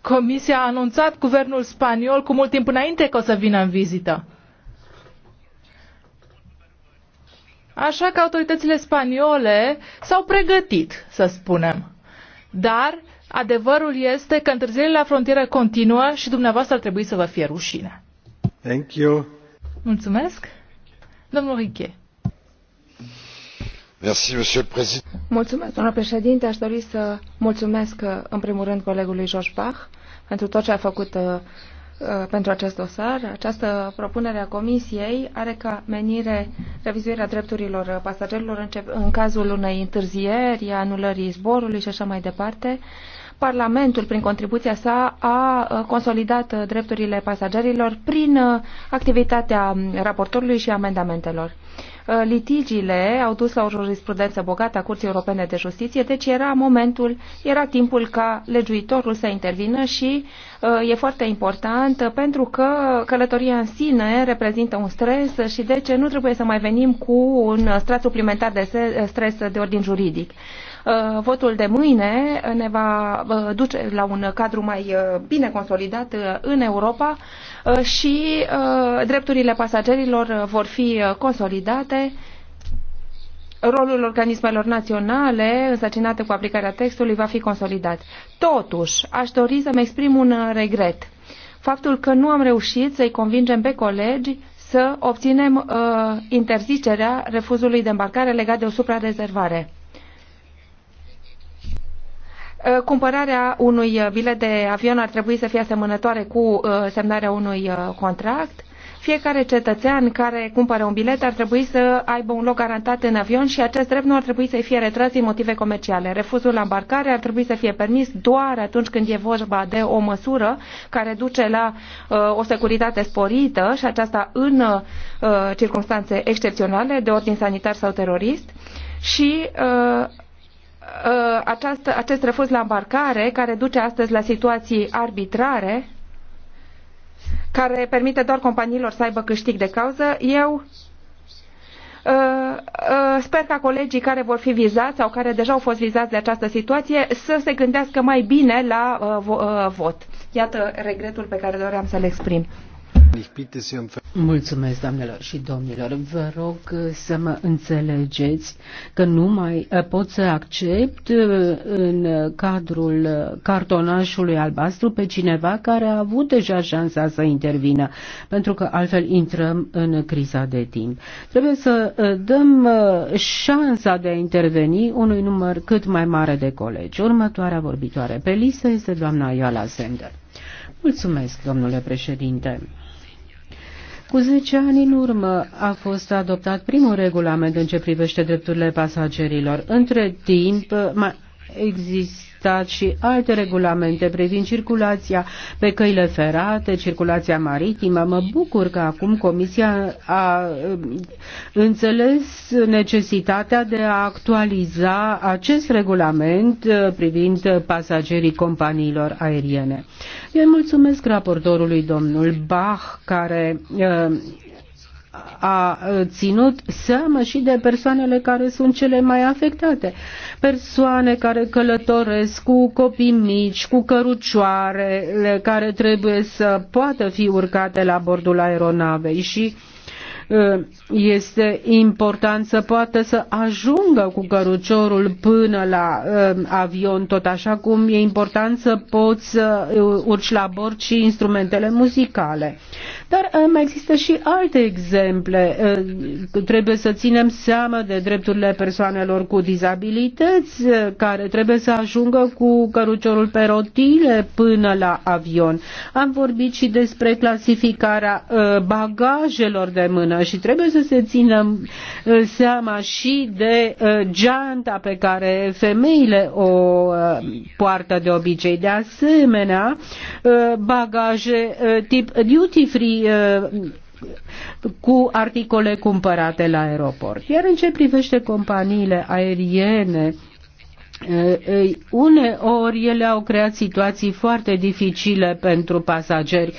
S3: comisia a anunțat guvernul spaniol cu mult timp înainte că o să vină în vizită. Așa că autoritățile spaniole s-au pregătit, să spunem. Dar adevărul este că întârzierile la frontieră continuă și dumneavoastră ar trebui să vă fie rușine.
S2: Thank you.
S3: Mulțumesc. Domnul Riche.
S4: Mulțumesc, domnule președinte. Aș dori să mulțumesc în primul rând colegului George Bach pentru tot ce a făcut uh, uh, pentru acest dosar. Această propunere a Comisiei are ca menire revizuirea drepturilor pasagerilor în, cazul unei întârzieri, anulării zborului și așa mai departe. Parlamentul, prin contribuția sa, a consolidat uh, drepturile pasagerilor prin uh, activitatea um, raportorului și amendamentelor. Uh, litigiile au dus la o jurisprudență bogată a Curții Europene de Justiție, deci era momentul, era timpul ca legiuitorul să intervină și e foarte important pentru că călătoria în sine reprezintă un stres și deci nu trebuie să mai venim cu un stres suplimentar de stres de ordin juridic. Uh, votul de mâine ne va uh, duce la un cadru mai uh, bine consolidat în Europa și drepturile pasagerilor vor fi consolidate. Rolul organismelor naționale însăcinate cu aplicarea textului va fi consolidat. Totuși, aș dori să-mi exprim un regret. Faptul că nu am reușit să-i convingem pe colegi să obținem uh, interzicerea refuzului de îmbarcare legat de o suprarezervare. Uh, cumpărarea unui uh, bilet de avion ar trebui să fie asemănătoare cu uh, semnarea unui contract. Fiecare cetățean care cumpără un bilet ar trebui să aibă un loc garantat în avion și acest drept nu ar trebui să-i fie retras din motive comerciale. Refuzul la îmbarcare ar trebui să fie permis doar atunci când e vorba de o măsură care duce la uh, o securitate sporită și aceasta în uh, circunstanțe excepționale de ordin sanitar sau terorist și uh, Uh, această, acest refuz la îmbarcare, care duce astăzi la situații arbitrare, care permite doar companiilor să aibă câștig de cauză, eu uh, uh, sper ca colegii care vor fi vizați sau care deja au fost vizați de această situație să se gândească mai bine la vot. Iată regretul pe care doream să-l exprim.
S1: Mulțumesc, doamnelor și domnilor. Vă rog să mă înțelegeți că nu mai eh, pot să accept eh, în cadrul cartonașului albastru pe cineva care a avut deja șansa să intervină, pentru că altfel intrăm în criza de timp. Trebuie să eh, dăm șansa de a interveni unui număr cât mai mare de colegi. Următoarea vorbitoare pe listă este doamna Ioala Sender. Mulțumesc, domnule președinte. Cu 10 ani în urmă a fost adoptat primul regulament în ce privește drepturile pasagerilor. Între timp, existat și alte regulamente privind circulația pe căile ferate, circulația maritimă. Mă bucur că acum Comisia a um, înțeles necesitatea de a actualiza acest regulament uh, privind pasagerii companiilor aeriene. Eu mulțumesc raportorului domnul Bach care uh, a ținut seamă și de persoanele care sunt cele mai afectate. Persoane care călătoresc cu copii mici, cu cărucioarele care trebuie să poată fi urcate la bordul aeronavei și este important să poată să ajungă cu căruciorul până la avion, tot așa cum e important să poți să urci la bord și instrumentele muzicale. Dar uh, mai există și alte exemple. Uh, trebuie să ținem seama de drepturile persoanelor cu dizabilități uh, care trebuie să ajungă cu căruciorul pe rotile până la avion. Am vorbit și despre clasificarea bagajelor de mână și trebuie să se țină seama și de geanta pe care femeile o poartă de obicei. De asemenea, bagaje tip duty free Uh, cu articole cumpărate la aeroport. Iar în ce privește companiile aeriene, uneori ele au creat situații foarte dificile pentru pasageri.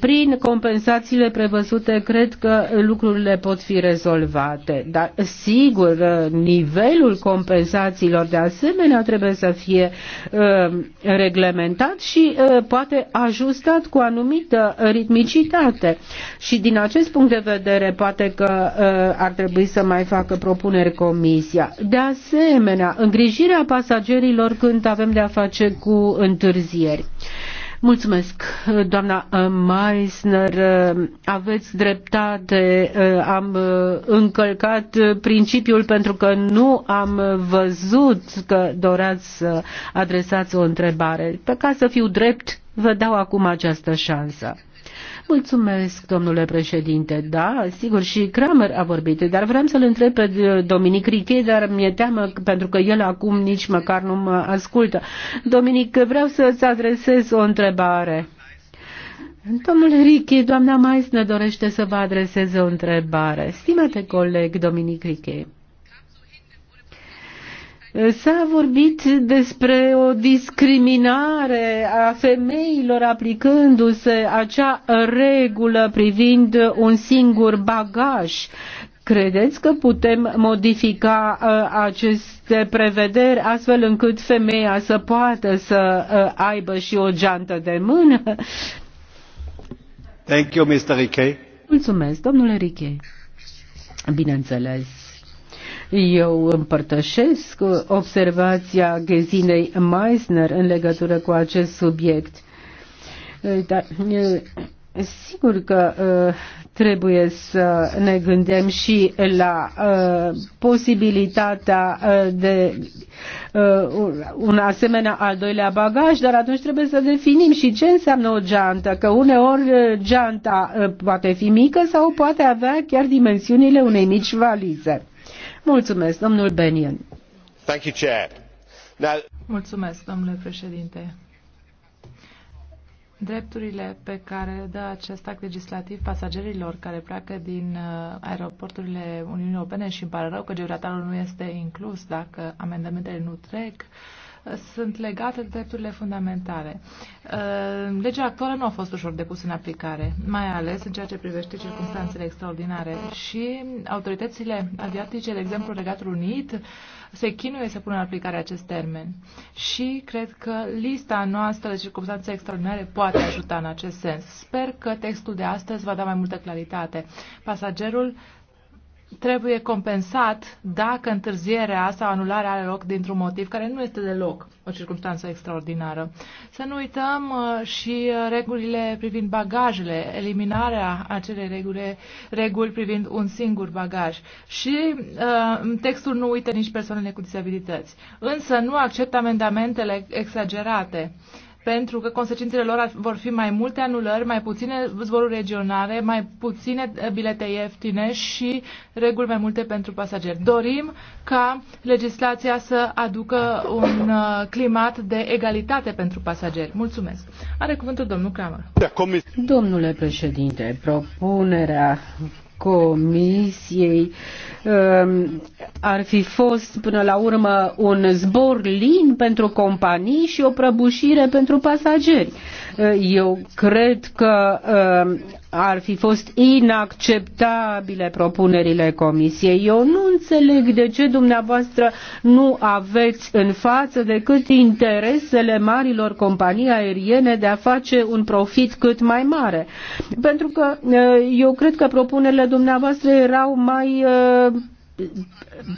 S1: Prin compensațiile prevăzute, cred că lucrurile pot fi rezolvate. Dar, sigur, nivelul compensațiilor de asemenea trebuie să fie um, reglementat și uh, poate ajustat cu anumită ritmicitate. Și din acest punct de vedere, poate că uh, ar trebui să mai facă propuneri comisia. De asemenea, îngrijirea a pasagerilor când avem de a face cu întârzieri. Mulțumesc, doamna uh, Meisner. Uh, aveți dreptate. Uh, am încălcat principiul pentru că nu am văzut că doreați să adresați o întrebare. Pe ca să fiu drept, vă dau acum această șansă. Mulțumesc, domnule președinte. Da, sigur, și Kramer a vorbit, dar vreau să-l întreb pe uh, Dominic Riche, dar mi-e teamă pentru că el acum nici măcar nu mă ascultă. Dominic, vreau să-ți adresez o întrebare. Domnul Riche, doamna Mais ne dorește să vă adreseze o întrebare. Stimate coleg Dominic Riche, S-a vorbit despre o discriminare a femeilor aplicându-se acea regulă privind un singur bagaj. Credeți că putem modifica uh, aceste prevederi astfel încât femeia să poată să uh, aibă și o geantă de mână?
S2: Thank you, Mr. Riquet.
S1: Mulțumesc, domnule Riche. Bineînțeles eu împărtășesc observația Ghezinei Meisner în legătură cu acest subiect. Dar, Sigur că trebuie să ne gândim și la posibilitatea de un asemenea al doilea bagaj, dar atunci trebuie să definim și ce înseamnă o geantă, că uneori geanta poate fi mică sau poate avea chiar dimensiunile unei mici valize. Mulțumesc, domnul Benion.
S3: Thank you, Chair. Now... Mulțumesc, domnule președinte. Drepturile pe care dă acest act legislativ pasagerilor care pleacă din uh, aeroporturile Uniunii Europene și îmi pare rău că geuratarul nu este inclus dacă amendamentele nu trec, uh, sunt legate de drepturile fundamentale. Uh, legea actuală nu a fost ușor de pus în aplicare, mai ales în ceea ce privește circunstanțele extraordinare și autoritățile aviatice, de exemplu Regatul Unit, se chinuie să pună în aplicare acest termen. Și cred că lista noastră de circunstanțe extraordinare poate ajuta în acest sens. Sper că textul de astăzi va da mai multă claritate. Pasagerul trebuie compensat dacă întârzierea sau anularea are loc dintr-un motiv care nu este deloc o circunstanță extraordinară. Să nu uităm uh, și uh, regulile privind bagajele, eliminarea acelei reguli, reguli privind un singur bagaj. Și uh, textul nu uită nici persoanele cu disabilități. Însă nu accept amendamentele exagerate. Uh, pentru că consecințele lor vor fi mai multe anulări, mai puține zboruri regionale, mai puține eh, bilete ieftine și reguli mai multe pentru pasageri. Dorim ca legislația să aducă un eh, climat de egalitate pentru pasageri. Mulțumesc. Are cuvântul domnul Cramer.
S1: Domnule președinte, propunerea Comisiei um, ar fi fost până la urmă un zbor lin pentru companii și o prăbușire pentru pasageri. Eu cred că um, ar fi fost inacceptabile propunerile comisiei. Eu nu înțeleg de ce dumneavoastră nu aveți în față decât interesele marilor companii aeriene de a face un profit cât mai mare. Pentru că uh, eu cred că propunerile dumneavoastră erau mai uh,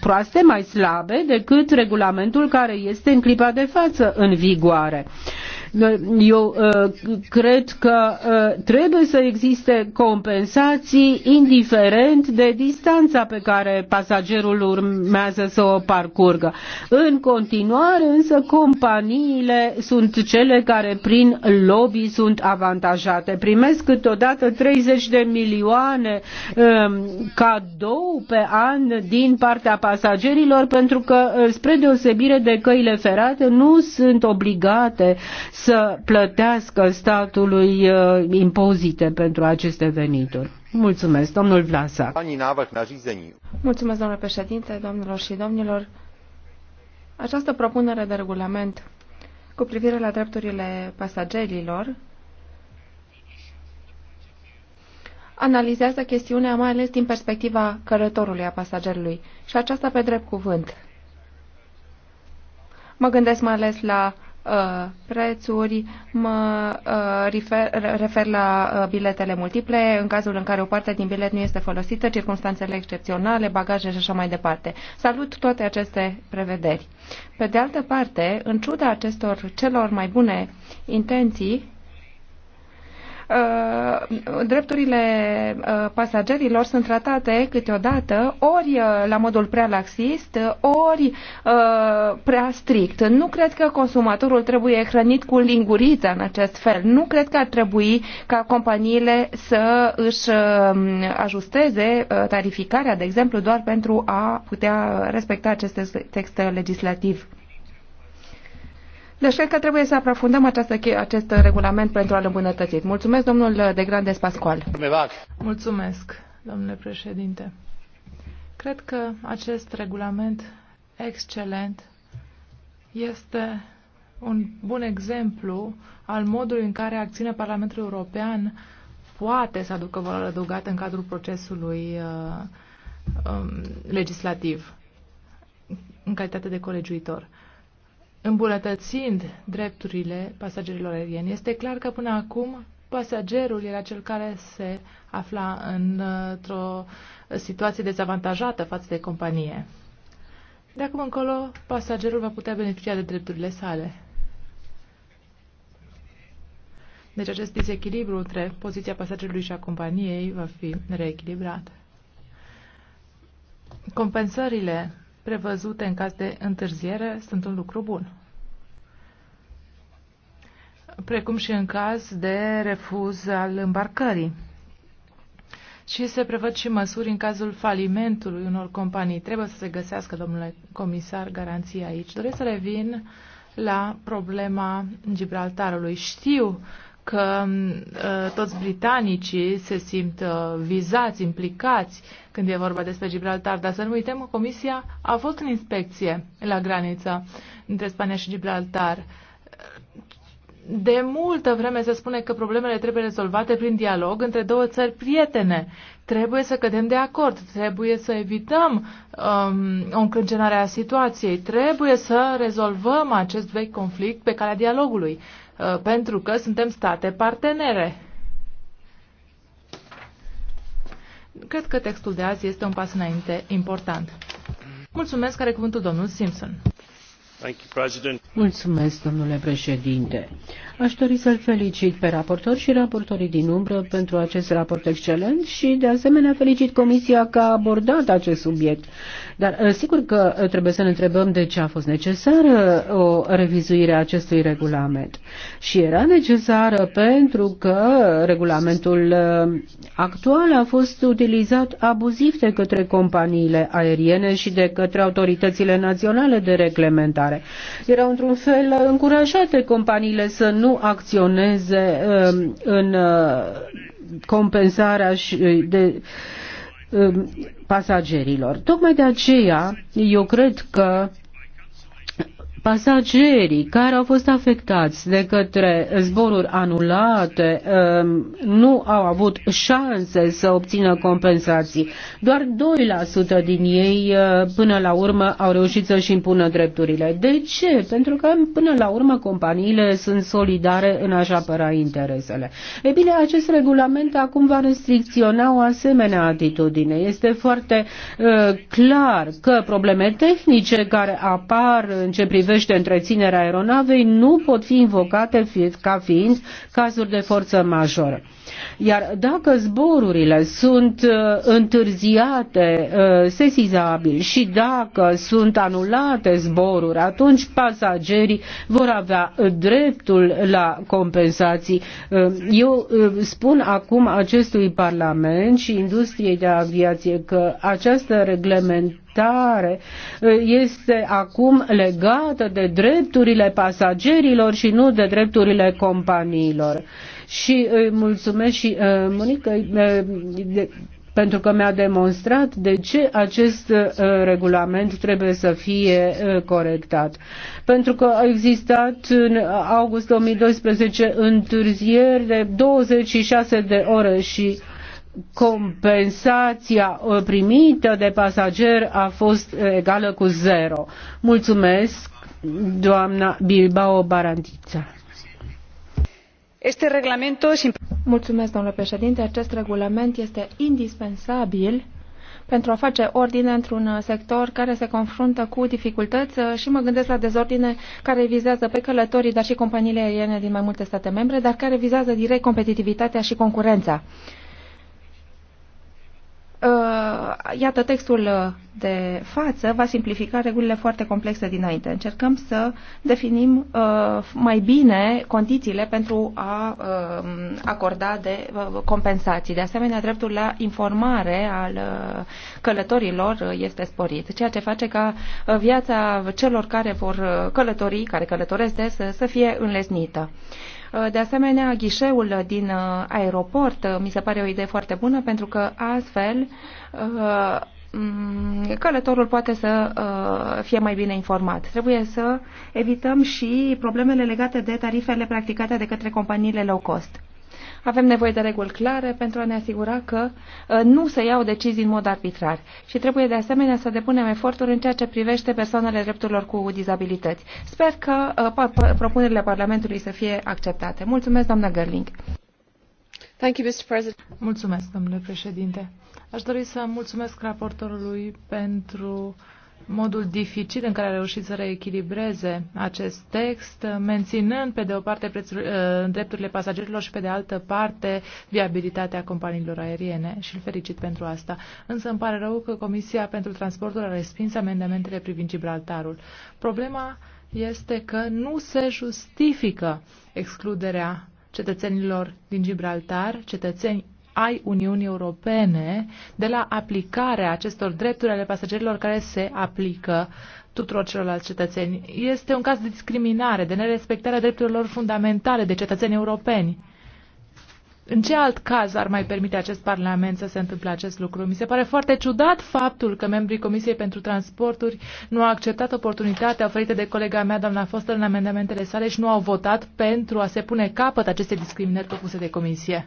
S1: proaste, mai slabe decât regulamentul care este în clipa de față în vigoare. Eu uh, cred că uh, trebuie să existe compensații indiferent de distanța pe care pasagerul urmează să o parcurgă. În continuare însă companiile sunt cele care prin lobby sunt avantajate. Primesc câteodată 30 de milioane um, cadou pe an din partea pasagerilor pentru că uh, spre deosebire de căile ferate nu sunt obligate să plătească statului uh, impozite pentru aceste venituri. Mulțumesc, domnul Vlasac.
S4: Mulțumesc, domnule președinte, domnilor și domnilor. Această propunere de regulament cu privire la drepturile pasagerilor analizează chestiunea mai ales din perspectiva călătorului a pasagerului și aceasta pe drept cuvânt. Mă gândesc mai ales la Uh, prețuri, mă uh, refer, refer la uh, biletele multiple, în cazul în care o parte din bilet nu este folosită, circunstanțele excepționale, bagaje și așa mai departe. Salut toate aceste prevederi. Pe de altă parte, în ciuda acestor celor mai bune intenții, Uh, drepturile uh, pasagerilor sunt tratate câteodată ori uh, la modul prea laxist, ori prea strict. Nu cred că consumatorul trebuie hrănit cu lingurița în acest fel. Nu cred că ar trebui ca companiile să își ajusteze tarificarea, de exemplu, doar pentru a putea respecta acest text legislativ. Deci cred că trebuie să aprofundăm această, acest regulament pentru a-l îmbunătăți. Mulțumesc, domnul de Grandes Spascual. Mulțumesc,
S3: domnule președinte. Cred că acest regulament excelent este un bun exemplu al modului în care acțiunea Parlamentului European poate să aducă valoare adăugată în cadrul procesului uh, um, legislativ în calitate de colegiuitor îmbunătățind drepturile pasagerilor aerieni. Este clar că până acum pasagerul era cel care se afla într-o situație dezavantajată față de companie. De acum încolo, pasagerul va putea beneficia de drepturile sale. Deci acest dezechilibru între poziția pasagerului și a companiei va fi reechilibrat. Compensările prevăzute în caz de întârziere sunt un lucru bun. Precum și în caz de refuz al îmbarcării. Și se prevăd și măsuri în cazul falimentului unor companii. Trebuie să se găsească, domnule comisar, garanția aici. Doresc să revin la problema Gibraltarului. Știu că uh, toți britanicii se simt uh, vizați, implicați când e vorba despre Gibraltar, dar să nu uităm că Comisia a fost în inspecție la graniță între Spania și Gibraltar. De multă vreme se spune că problemele trebuie rezolvate prin dialog între două țări prietene. Trebuie să cădem de acord, trebuie să evităm um, o încrâncenare a situației, trebuie să rezolvăm acest vechi conflict pe calea dialogului. Uh, pentru că suntem state partenere. Cred că textul de azi este un pas înainte important. Mulțumesc, are cuvântul domnul Simpson.
S1: Mulțumesc, domnule președinte. Aș dori să-l felicit pe raportor și raportorii din umbră pentru acest raport excelent și, de asemenea, felicit Comisia că a abordat acest subiect. Dar ă, sigur că ă, trebuie să ne întrebăm de ce a fost necesară o revizuire a acestui regulament. Și era necesară pentru că regulamentul ă, actual a fost utilizat abuziv de către companiile aeriene și de către autoritățile naționale de reglementare mare. Erau într-un fel încurajate companiile să nu acționeze um, în uh, compensarea uh, de um, pasagerilor. Tocmai de aceea eu cred că Pasagerii care au fost afectați de către zboruri anulate um, nu au avut șanse să obțină compensații. Doar 2% din ei uh, până la urmă au reușit să-și impună drepturile. De ce? Pentru că până la urmă companiile sunt solidare în a-și apăra interesele. E bine, acest regulament acum va restricționa o asemenea atitudine. Este foarte uh, clar că probleme tehnice care apar în ce privește privește întreținerea aeronavei nu pot fi invocate ca fiind cazuri de forță majoră. Iar dacă zborurile sunt uh, întârziate, uh, sesizabil și dacă sunt anulate zboruri, atunci pasagerii vor avea dreptul la compensații. Uh, eu spun acum acestui Parlament și industriei de aviație că această reglementare tare este acum legată de drepturile pasagerilor și nu de drepturile companiilor și îi uh, mulțumesc și uh, Monica uh, pentru că mi-a demonstrat de ce acest regulament trebuie să fie corectat. Pentru că a existat în august 2012 întârzieri de 26 de ore și compensația primită de pasager a fost egală cu zero. Mulțumesc, doamna Bilbao Barantița
S4: domnule președinte. Acest regulament este indispensabil pentru a face ordine într-un sector care se confruntă cu dificultăți și mă gândesc la dezordine care vizează pe călătorii, dar și companiile aeriene din mai multe state membre, dar care vizează direct competitivitatea și concurența. Uh, iată, textul uh, de față va simplifica regulile foarte complexe dinainte. Încercăm să definim uh, mai bine condițiile pentru a acorda de compensații. De asemenea, dreptul la informare al călătorilor este sporit, ceea ce face ca viața celor care vor călători, care călătoresc des, să fie înlesnită. Uh, de asemenea, ghișeul din uh, aeroport uh, mi se pare o idee foarte bună pentru că astfel mm, călătorul poate să fie mai bine informat. Trebuie să evităm și problemele legate de tarifele practicate de către companiile low cost. Avem nevoie de reguli clare pentru a ne asigura că uh, nu se iau decizii în mod arbitrar și trebuie de asemenea să depunem eforturi în ceea ce privește persoanele drepturilor cu dizabilități. Sper că uh, propunerile Parlamentului să fie acceptate. Mulțumesc, doamna Gerling.
S3: Thank you, Mr. President. Mulțumesc, domnule președinte. Aș dori să mulțumesc raportorului pentru uh, modul dificil în care a reușit să reechilibreze acest text, menținând pe de o parte prețul, uh, drepturile pasagerilor și pe de altă parte viabilitatea companiilor aeriene și îl fericit pentru asta. Însă îmi pare rău că Comisia pentru Transportul a respins amendamentele privind Gibraltarul. Problema este că nu se justifică excluderea cetățenilor din Gibraltar, cetățeni ai Uniunii Europene de la aplicarea acestor drepturi ale pasagerilor care se aplică tuturor celorlalți cetățeni. Este un caz de discriminare, de nerespectarea drepturilor fundamentale de cetățeni europeni. În ce alt caz ar mai permite acest Parlament să se întâmple acest lucru? Mi se pare foarte ciudat faptul că membrii Comisiei pentru Transporturi nu au acceptat oportunitatea oferită de colega mea, doamna Foster, în amendamentele sale și nu au votat pentru a se pune capăt aceste discriminări propuse de Comisie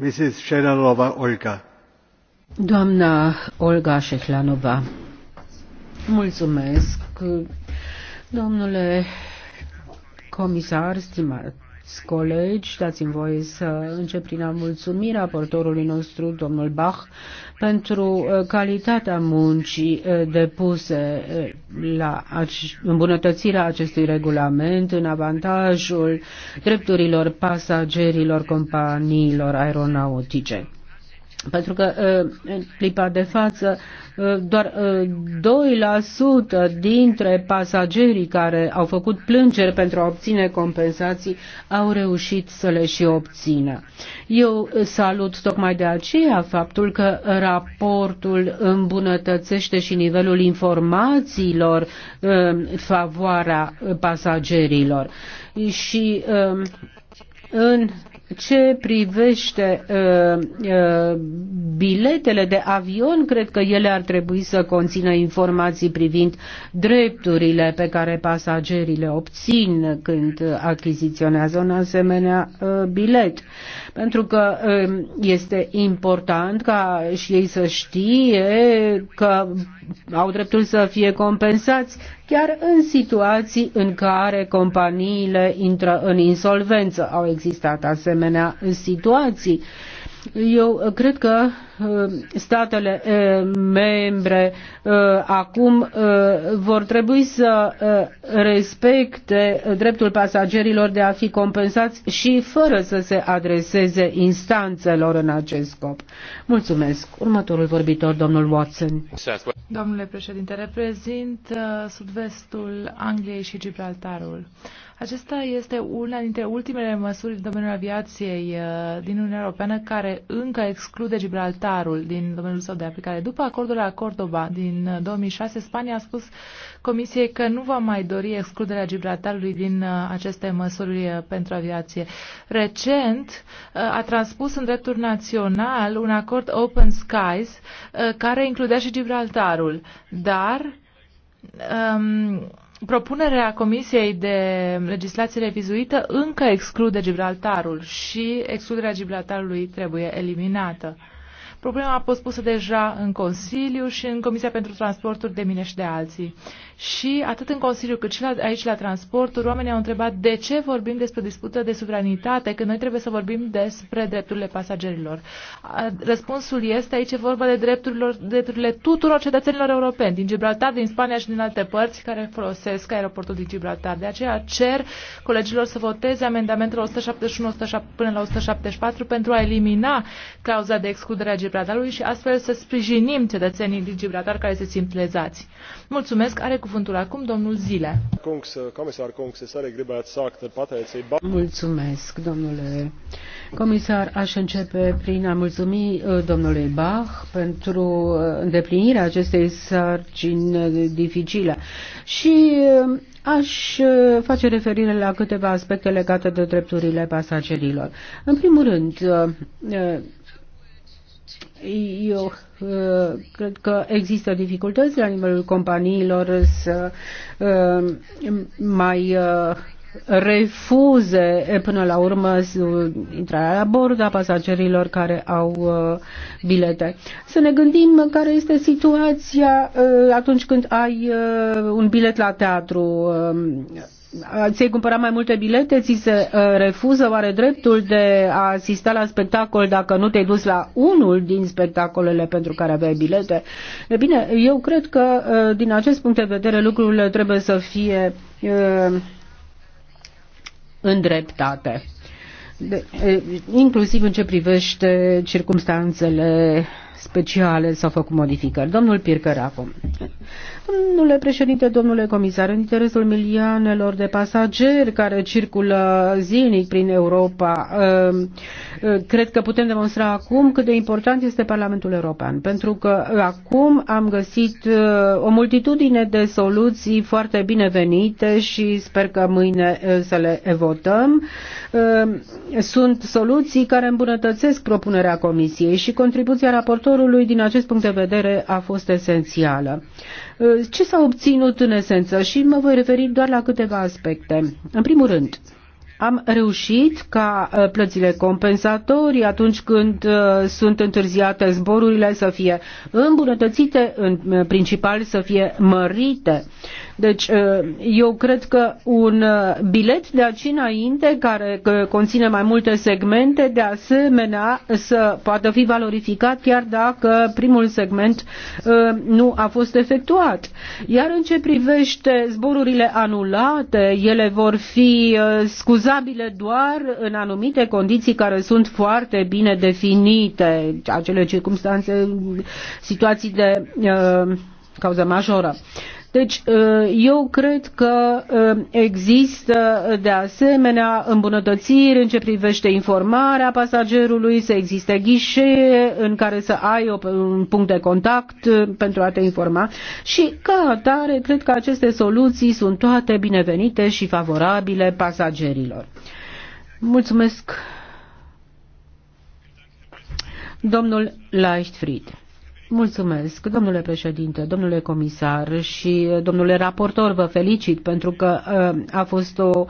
S2: Olga.
S1: Doamna Olga Șehlanova, mulțumesc. Domnule comisar, stimat stimați colegi, dați-mi voie să încep prin a mulțumi raportorului nostru, domnul Bach, pentru uh, calitatea muncii uh, depuse uh, la îmbunătățirea acestui regulament în avantajul drepturilor pasagerilor companiilor aeronautice pentru că uh, în clipa de față uh, doar 2% uh, dintre pasagerii care au făcut plângeri pentru a obține compensații au reușit să le și obțină. Eu salut tocmai de aceea faptul că raportul îmbunătățește și nivelul informațiilor în favoarea pasagerilor și în ce privește uh, uh, biletele de avion, cred că ele ar trebui să conțină informații privind drepturile pe care pasagerii le obțin când achiziționează un asemenea uh, bilet. Pentru că uh, este important ca și ei să știe că au dreptul să fie compensați chiar în situații în care companiile intră în insolvență. Au existat asemenea situații eu uh, cred că uh, statele uh, membre acum vor trebui să respecte dreptul pasagerilor de a fi compensați și fără să se adreseze instanțelor în acest scop. Mulțumesc. Următorul vorbitor, domnul Watson.
S3: Domnule președinte, reprezint sud-vestul Angliei și Gibraltarul. Acesta este una dintre ultimele măsuri în domeniul aviației uh, din Uniunea Europeană care încă exclude Gibraltarul din domeniul său de aplicare. După acordul la Cordoba din 2006, uh, Spania a spus Comisiei că nu va mai dori excluderea Gibraltarului din uh, aceste măsuri pentru aviație. Recent a transpus în dreptul național un acord Open Skies care includea și Gibraltarul, dar um, Propunerea Comisiei de legislație revizuită încă exclude Gibraltarul și excluderea Gibraltarului trebuie eliminată. Problema a fost pusă deja în Consiliu și în Comisia pentru Transporturi de mine și de alții. Și atât în Consiliu cât și la, aici la transporturi, oamenii au întrebat de ce vorbim despre dispută de suveranitate când noi trebuie să vorbim despre drepturile pasagerilor. Răspunsul este aici e vorba de drepturilor, drepturile tuturor cetățenilor europeni din Gibraltar, din Spania și din alte părți care folosesc aeroportul din Gibraltar. De aceea cer colegilor să voteze amendamentul 171 107, până la 174 pentru a elimina clauza de excludere a Gibraltarului și astfel să sprijinim cetățenii din Gibraltar care se simt lezați. Mulțumesc, are cuvânt cuvântul acum domnul Zile.
S1: Mulțumesc,
S3: domnule comisar.
S1: Aș începe prin a mulțumi uh, domnului Bach pentru uh, îndeplinirea acestei sarcini uh, dificile. Și Aș face referire la câteva aspecte legate de drepturile pasagerilor. În primul rând, eu uh, cred că există dificultăți la nivelul companiilor să uh, mai uh, refuze eh, până la urmă intrarea la bord a pasagerilor care au bilete. Să ne gândim care este situația atunci când ai un bilet la teatru um, ți-ai cumpărat mai multe bilete, ți se uh, refuză oare dreptul de a asista la spectacol dacă nu te-ai dus la unul din spectacolele pentru care aveai bilete. E bine, eu cred că uh, din acest punct de vedere lucrurile trebuie să fie uh, îndreptate. De, inclusiv în ce privește circumstanțele speciale s-au făcut modificări. Domnul Pircăracu. Domnule președinte, domnule comisar, în interesul milioanelor de pasageri care circulă zilnic prin Europa, um, uh, cred că putem demonstra acum cât de important este Parlamentul European, pentru că uh, acum am găsit uh, o multitudine de soluții foarte binevenite și sper că mâine să le votăm. Sunt soluții care îmbunătățesc propunerea Comisiei și contribuția raportului autorului din acest punct de vedere a fost esențială. Uh, ce s-a obținut în esență? Și mă voi referi doar la câteva aspecte. În primul rând, am reușit ca uh, plățile compensatorii atunci când uh, sunt întârziate zborurile să fie îmbunătățite, în principal să fie mărite. Deci uh, eu cred că un uh, bilet de aici înainte care uh, conține mai multe segmente de asemenea să poată fi valorificat chiar dacă primul segment nu a fost efectuat. Iar în ce privește zborurile anulate, ele vor fi scuzabile doar în anumite condiții care sunt foarte bine definite, acele circunstanțe, situații de uh, cauză majoră. Deci, uh, eu cred că uh, există uh, de asemenea îmbunătățiri în ce privește informarea pasagerului, să existe ghișee în care să ai un punct de contact pentru a te informa și, ca atare, cred că aceste soluții sunt toate binevenite și favorabile pasagerilor. Mulțumesc, domnul Leichtfried. Mulțumesc, domnule președinte, domnule comisar și eh, domnule raportor, vă felicit pentru că eh, a fost o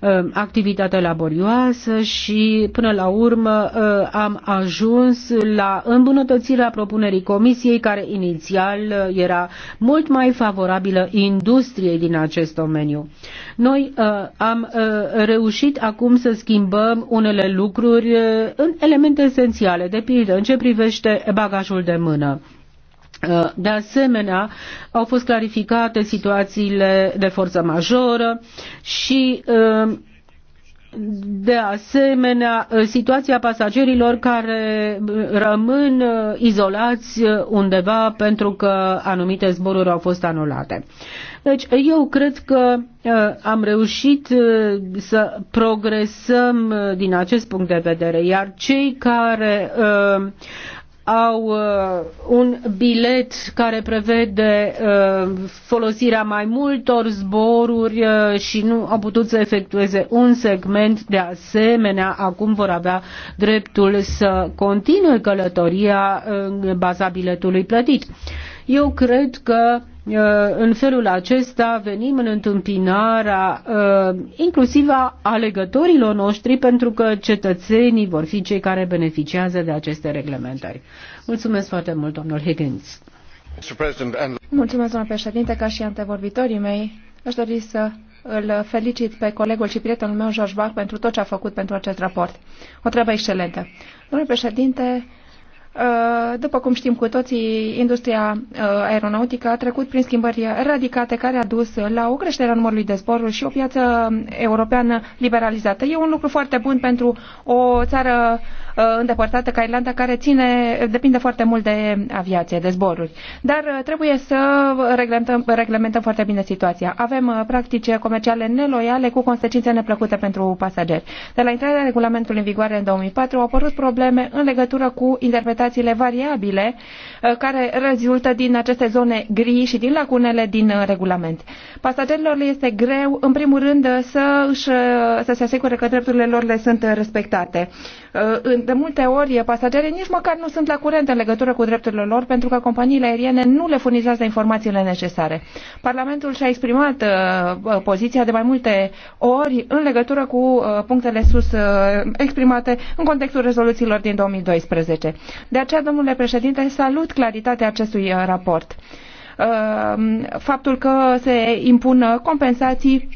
S1: eh, activitate laborioasă și până la urmă am ajuns la îmbunătățirea propunerii comisiei care inițial era mult mai favorabilă industriei din acest domeniu. Noi am reușit acum să schimbăm unele lucruri în elemente esențiale, de pildă în ce privește bagajul de mână. Uh, de asemenea, au fost clarificate situațiile de forță majoră și uh, de asemenea, uh, situația pasagerilor care rămân izolați undeva pentru că anumite zboruri au fost anulate. Deci, eu cred că am reușit să progresăm din acest punct de vedere, iar cei care au uh, un bilet care prevede uh, folosirea mai multor zboruri uh, și nu au putut să efectueze un segment de asemenea, acum vor avea dreptul să continue călătoria uh, în baza biletului plătit. Eu cred că uh, Uh, în felul acesta venim în întâmpinarea uh, inclusiv a alegătorilor noștri pentru că cetățenii vor fi cei care beneficiază de aceste reglementări. Mulțumesc foarte mult, domnul Higgins.
S4: Mulțumesc, domnul președinte, ca și antevorbitorii mei. Aș dori să îl felicit pe colegul și prietenul meu, George Bach, pentru tot ce a făcut pentru acest raport. O treabă excelentă. Domnule președinte, Uh, după cum știm cu toții, industria uh, aeronautică a trecut prin schimbări radicate care a dus la o creștere a numărului de zboruri și o piață europeană liberalizată. E un lucru foarte bun pentru o țară Uh, îndepărtată ca Irlanda, care ține, depinde foarte mult de aviație, de zboruri. Dar uh, trebuie să reglementăm, reglementăm foarte bine situația. Avem uh, practici comerciale neloiale cu consecințe neplăcute pentru pasageri. De la intrarea regulamentului în vigoare în 2004 au apărut probleme în legătură cu interpretațiile variabile care rezultă din aceste zone gri și din lacunele din regulament. Pasagerilor le este greu, în primul rând, să, își, să se asigure că drepturile lor le sunt respectate. Uh, de multe ori pasagerii nici măcar nu sunt la curent în legătură cu drepturile lor pentru că companiile aeriene nu le furnizează informațiile necesare. Parlamentul și-a exprimat uh, uh, poziția de mai multe ori în legătură cu punctele sus exprimate în contextul rezoluțiilor din 2012. De aceea, domnule președinte, salut claritatea acestui raport. Faptul că se impun compensații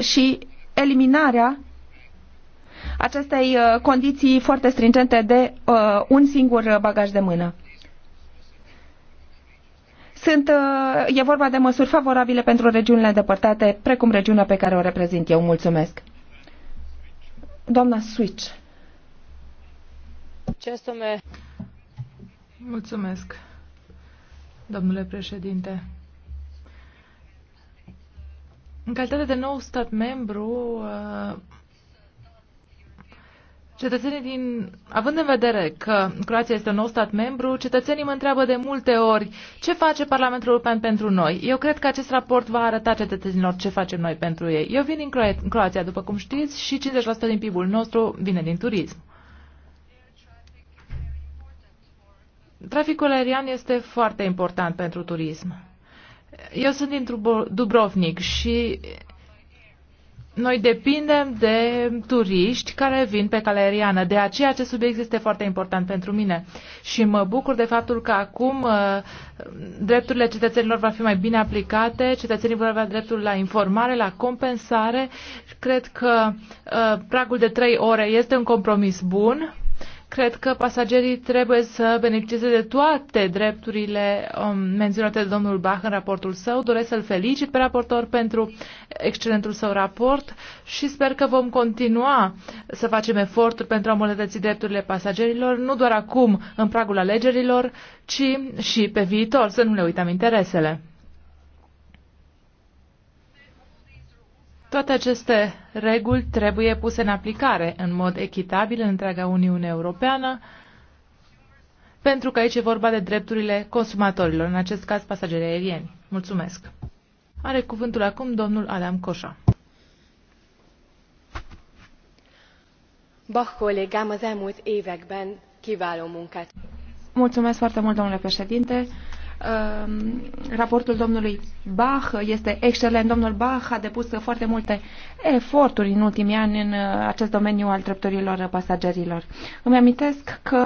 S4: și eliminarea acestei uh, condiții foarte stringente de uh, un singur bagaj de mână. Sunt, uh, e vorba de măsuri favorabile pentru regiunile îndepărtate, precum regiunea pe care o reprezint eu. Mulțumesc. Doamna Switch.
S3: Cestume. Mulțumesc, domnule președinte. În calitate de nou stat membru, Cetățenii din, având în vedere că Croația este un nou stat membru, cetățenii mă întreabă de multe ori ce face Parlamentul European pentru noi. Eu cred că acest raport va arăta cetățenilor ce facem noi pentru ei. Eu vin din Croația, după cum știți, și 50% din PIB-ul nostru vine din turism. Traficul aerian este foarte important pentru turism. Eu sunt din Dubrovnik și noi depindem de turiști care vin pe cale aeriană. De aceea acest subiect este foarte important pentru mine. Și mă bucur de faptul că acum uh, drepturile cetățenilor va fi mai bine aplicate, cetățenii vor avea dreptul la informare, la compensare. Cred că uh, pragul de trei ore este un compromis bun Cred că pasagerii trebuie să beneficieze de toate drepturile um, menționate de domnul Bach în raportul său. Doresc să-l felicit pe raportor pentru excelentul său raport și sper că vom continua să facem eforturi pentru a îmbunătăți drepturile pasagerilor, nu doar acum, în pragul alegerilor, ci și pe viitor, să nu ne uităm interesele. Toate aceste reguli trebuie puse în aplicare în mod echitabil în întreaga Uniune Europeană, pentru că aici e vorba de drepturile consumatorilor, în acest caz pasagerii aerieni. Mulțumesc. Are cuvântul acum domnul Adam Coșa. Bach kollégám
S5: az elmúlt években kiváló munkát.
S4: Mulțumesc foarte mult, domnule președinte. Um, raportul domnului Bach este excelent. Domnul Bach a depus foarte multe eforturi în ultimii ani în uh, acest domeniu al drepturilor pasagerilor. Îmi amintesc că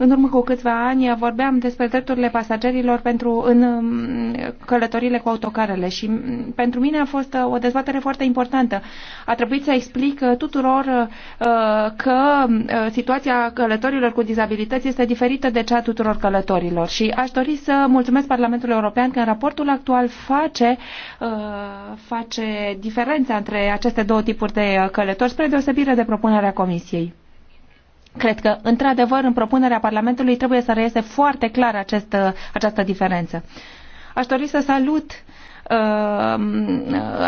S4: în urmă cu câțiva ani vorbeam despre drepturile pasagerilor pentru în mm, călătorile cu autocarele și mm, pentru mine a fost uh, o dezbatere foarte importantă. A trebuit să explic uh, tuturor uh, că mm, situația călătorilor cu dizabilități este diferită de cea tuturor călătorilor și aș dori să mulțumesc Parlamentului European că în raportul actual face, face diferența între aceste două tipuri de călători spre deosebire de propunerea Comisiei. Cred că, într-adevăr, în propunerea Parlamentului trebuie să reiese foarte clar acest, uh, această diferență. Aș dori să salut uh,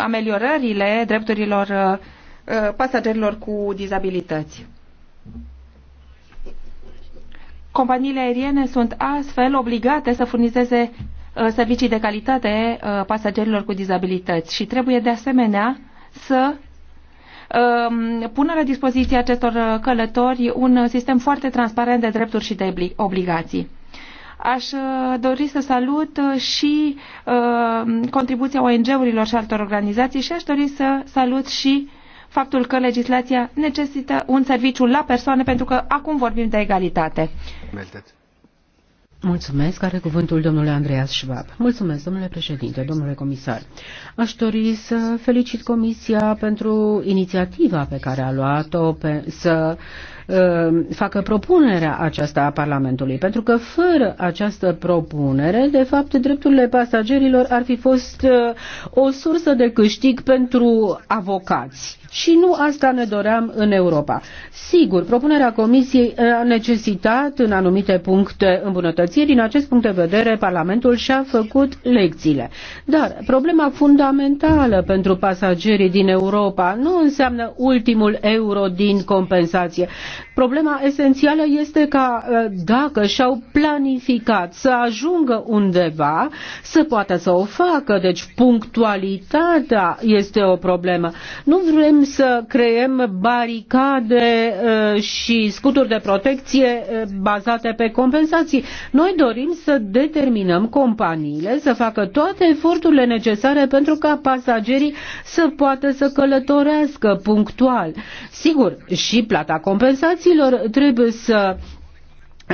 S4: ameliorările drepturilor uh, uh, pasagerilor cu dizabilități. Companiile aeriene sunt astfel obligate să furnizeze uh, servicii de calitate pasagerilor cu dizabilități și trebuie de asemenea să Um, pună la dispoziție acestor uh, călători un uh, sistem foarte transparent de drepturi și de obligații. Aș uh, dori să salut și contribuția ONG-urilor și altor organizații și aș dori să salut și faptul că legislația necesită un serviciu la persoane pentru că acum vorbim de egalitate.
S2: Melted.
S1: Mulțumesc. Are cuvântul domnule Andreas Schwab. Mulțumesc, domnule președinte, domnule comisar. Aș dori să felicit Comisia pentru inițiativa pe care a luat-o să uh, facă propunerea aceasta a Parlamentului, pentru că fără această propunere, de fapt, drepturile pasagerilor ar fi fost uh, o sursă de câștig pentru avocați și nu asta ne doream în Europa. Sigur, propunerea Comisiei eh, a necesitat în anumite puncte îmbunătățiri. Din acest punct de vedere, Parlamentul și-a făcut lecțiile. Dar problema fundamentală pentru pasagerii din Europa nu înseamnă ultimul euro din compensație. Problema esențială este ca eh, dacă și-au planificat să ajungă undeva, să poată să o facă. Deci punctualitatea este o problemă. Nu vrem să creăm baricade uh, și scuturi de protecție uh, bazate pe compensații. Noi dorim să determinăm companiile să facă toate eforturile necesare pentru ca pasagerii să poată să călătorească punctual. Sigur, și plata compensațiilor trebuie să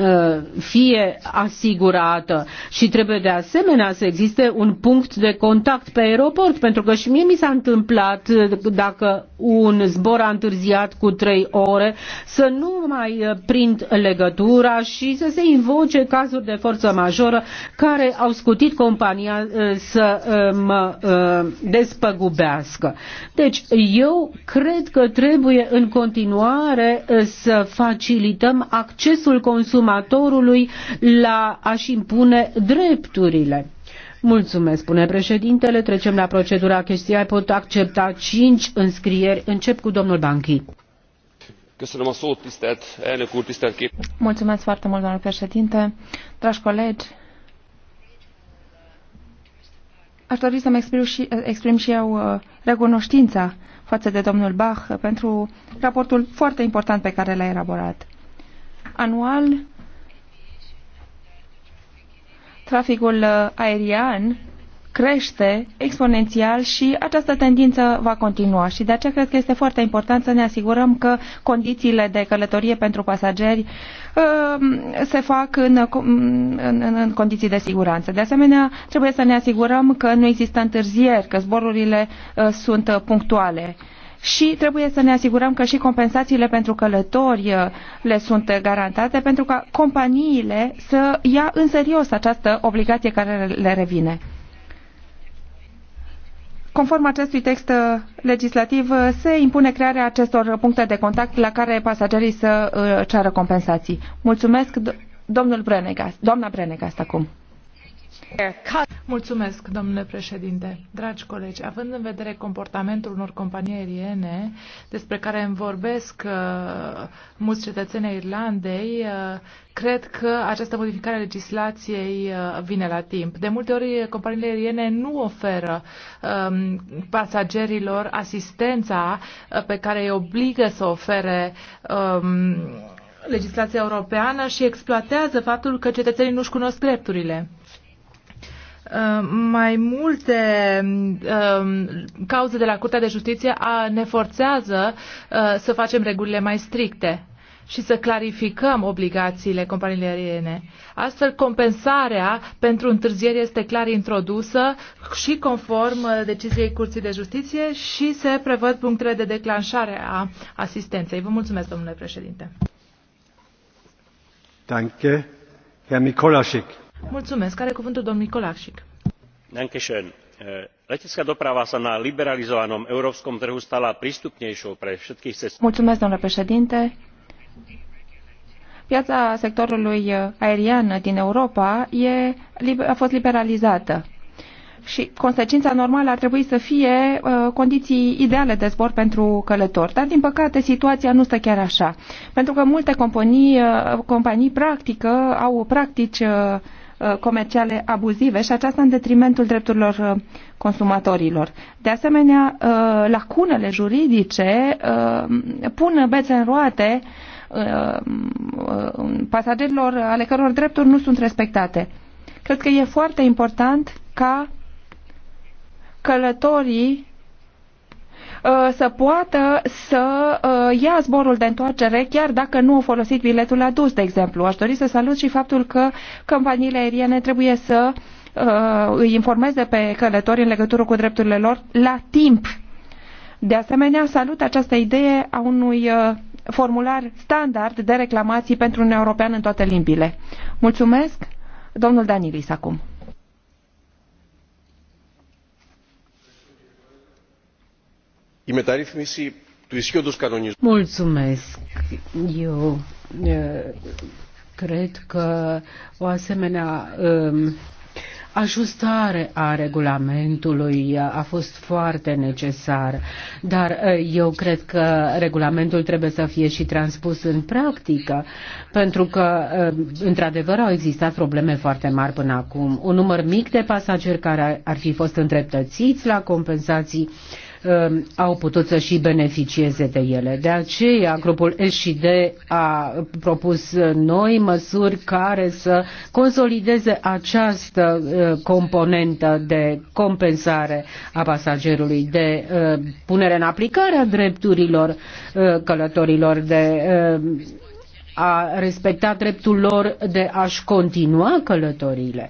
S1: Uh, fie asigurată și trebuie de asemenea să existe un punct de contact pe aeroport, pentru că și mie mi s-a întâmplat uh, dacă un zbor a întârziat cu trei ore să nu mai uh, prind legătura și să se invoce cazuri de forță majoră care au scutit compania să mă despăgubească. Deci eu cred că trebuie în continuare să facilităm accesul consumatorului consumatorului la a-și impune drepturile. Mulțumesc, spune președintele. Trecem la procedura chestiei. Pot accepta
S4: cinci înscrieri. Încep cu domnul Banchi. Mulțumesc foarte mult, domnule președinte. Dragi colegi, aș dori să-mi exprim și, exprim și eu uh, recunoștința față de domnul Bach pentru raportul foarte important pe care l-a elaborat. Anual, Traficul uh, aerian crește exponențial și această tendință va continua și de aceea cred că este foarte important să ne asigurăm că condițiile de călătorie pentru pasageri uh, se fac în, în, în condiții de siguranță. De asemenea, trebuie să ne asigurăm că nu există întârzieri, că zborurile uh, sunt punctuale și trebuie să ne asigurăm că și compensațiile pentru călători uh, le sunt garantate pentru ca companiile să ia în serios această obligație care le revine. Conform acestui text uh, legislativ, uh, se impune crearea acestor puncte de contact la care pasagerii să ceară compensații. Mulțumesc, domnul Brenegas, doamna Brenegas, acum.
S3: Mulțumesc, domnule președinte. Dragi colegi, având în vedere comportamentul unor companii aeriene, despre care îmi vorbesc uh, mulți cetățeni Irlandei, uh, cred că această modificare a legislației uh, vine la timp. De multe ori, companiile aeriene nu oferă um, pasagerilor asistența uh, pe care îi obligă să ofere um, legislația europeană și exploatează faptul că cetățenii nu-și cunosc drepturile. Uh, mai multe um, cauze de la Curtea de Justiție a, ne forțează uh, să facem regulile mai stricte și să clarificăm obligațiile companiilor aeriene. Astfel, compensarea pentru întârzieri este clar introdusă și conform uh, deciziei Curții de Justiție și se prevăd punctele de declanșare a asistenței. Vă mulțumesc, domnule președinte.
S2: Danke. Herr Mikolaschik.
S3: Mulțumesc. Are cuvântul domnul Nicolavšič.
S2: Dankeschön. Eh, letecká doprava sa na liberalizovanom európskom trhu stala prístupnejšou pre všetkých cestujúcich. Mulțumesc,
S4: domnule președinte. Piața sectorului eh, aerian din Europa e, a fost liberalizată și consecința normală ar trebui să fie uh, condiții ideale de zbor pentru călători. Dar, din păcate, situația nu stă chiar așa. Pentru că multe companii, uh, companii practică, au practici uh, Uh, comerciale abuzive și aceasta în detrimentul drepturilor uh, consumatorilor. De asemenea, uh, lacunele juridice pun bețe în roate pasagerilor ale căror drepturi nu sunt respectate. Cred că e foarte important ca călătorii Uh, să poată să uh, ia zborul de întoarcere chiar dacă nu au folosit biletul adus, de exemplu. Aș dori să salut și faptul că companiile aeriene trebuie să uh, îi informeze pe călători în legătură cu drepturile lor la timp. De asemenea, salut această idee a unui formular standard de reclamații pentru un european în toate limbile. Mulțumesc, domnul Danilis, acum.
S2: η μεταρρύθμιση του ισχύοντος κανονισμού.
S1: cred că o asemenea um, ajustare a regulamentului a fost foarte necesară, dar eu cred că regulamentul trebuie să fie și transpus în practică, pentru că, într-adevăr, au existat probleme foarte mari până acum. Un număr mic de pasageri care ar fi fost îndreptățiți la compensații uh, Um, au putut să și beneficieze de ele. De aceea, grupul SD a propus noi măsuri care să consolideze această uh, componentă de compensare a pasagerului, de uh, punere în aplicare a drepturilor uh, călătorilor, de a respecta dreptul lor de a-și continua călătorile.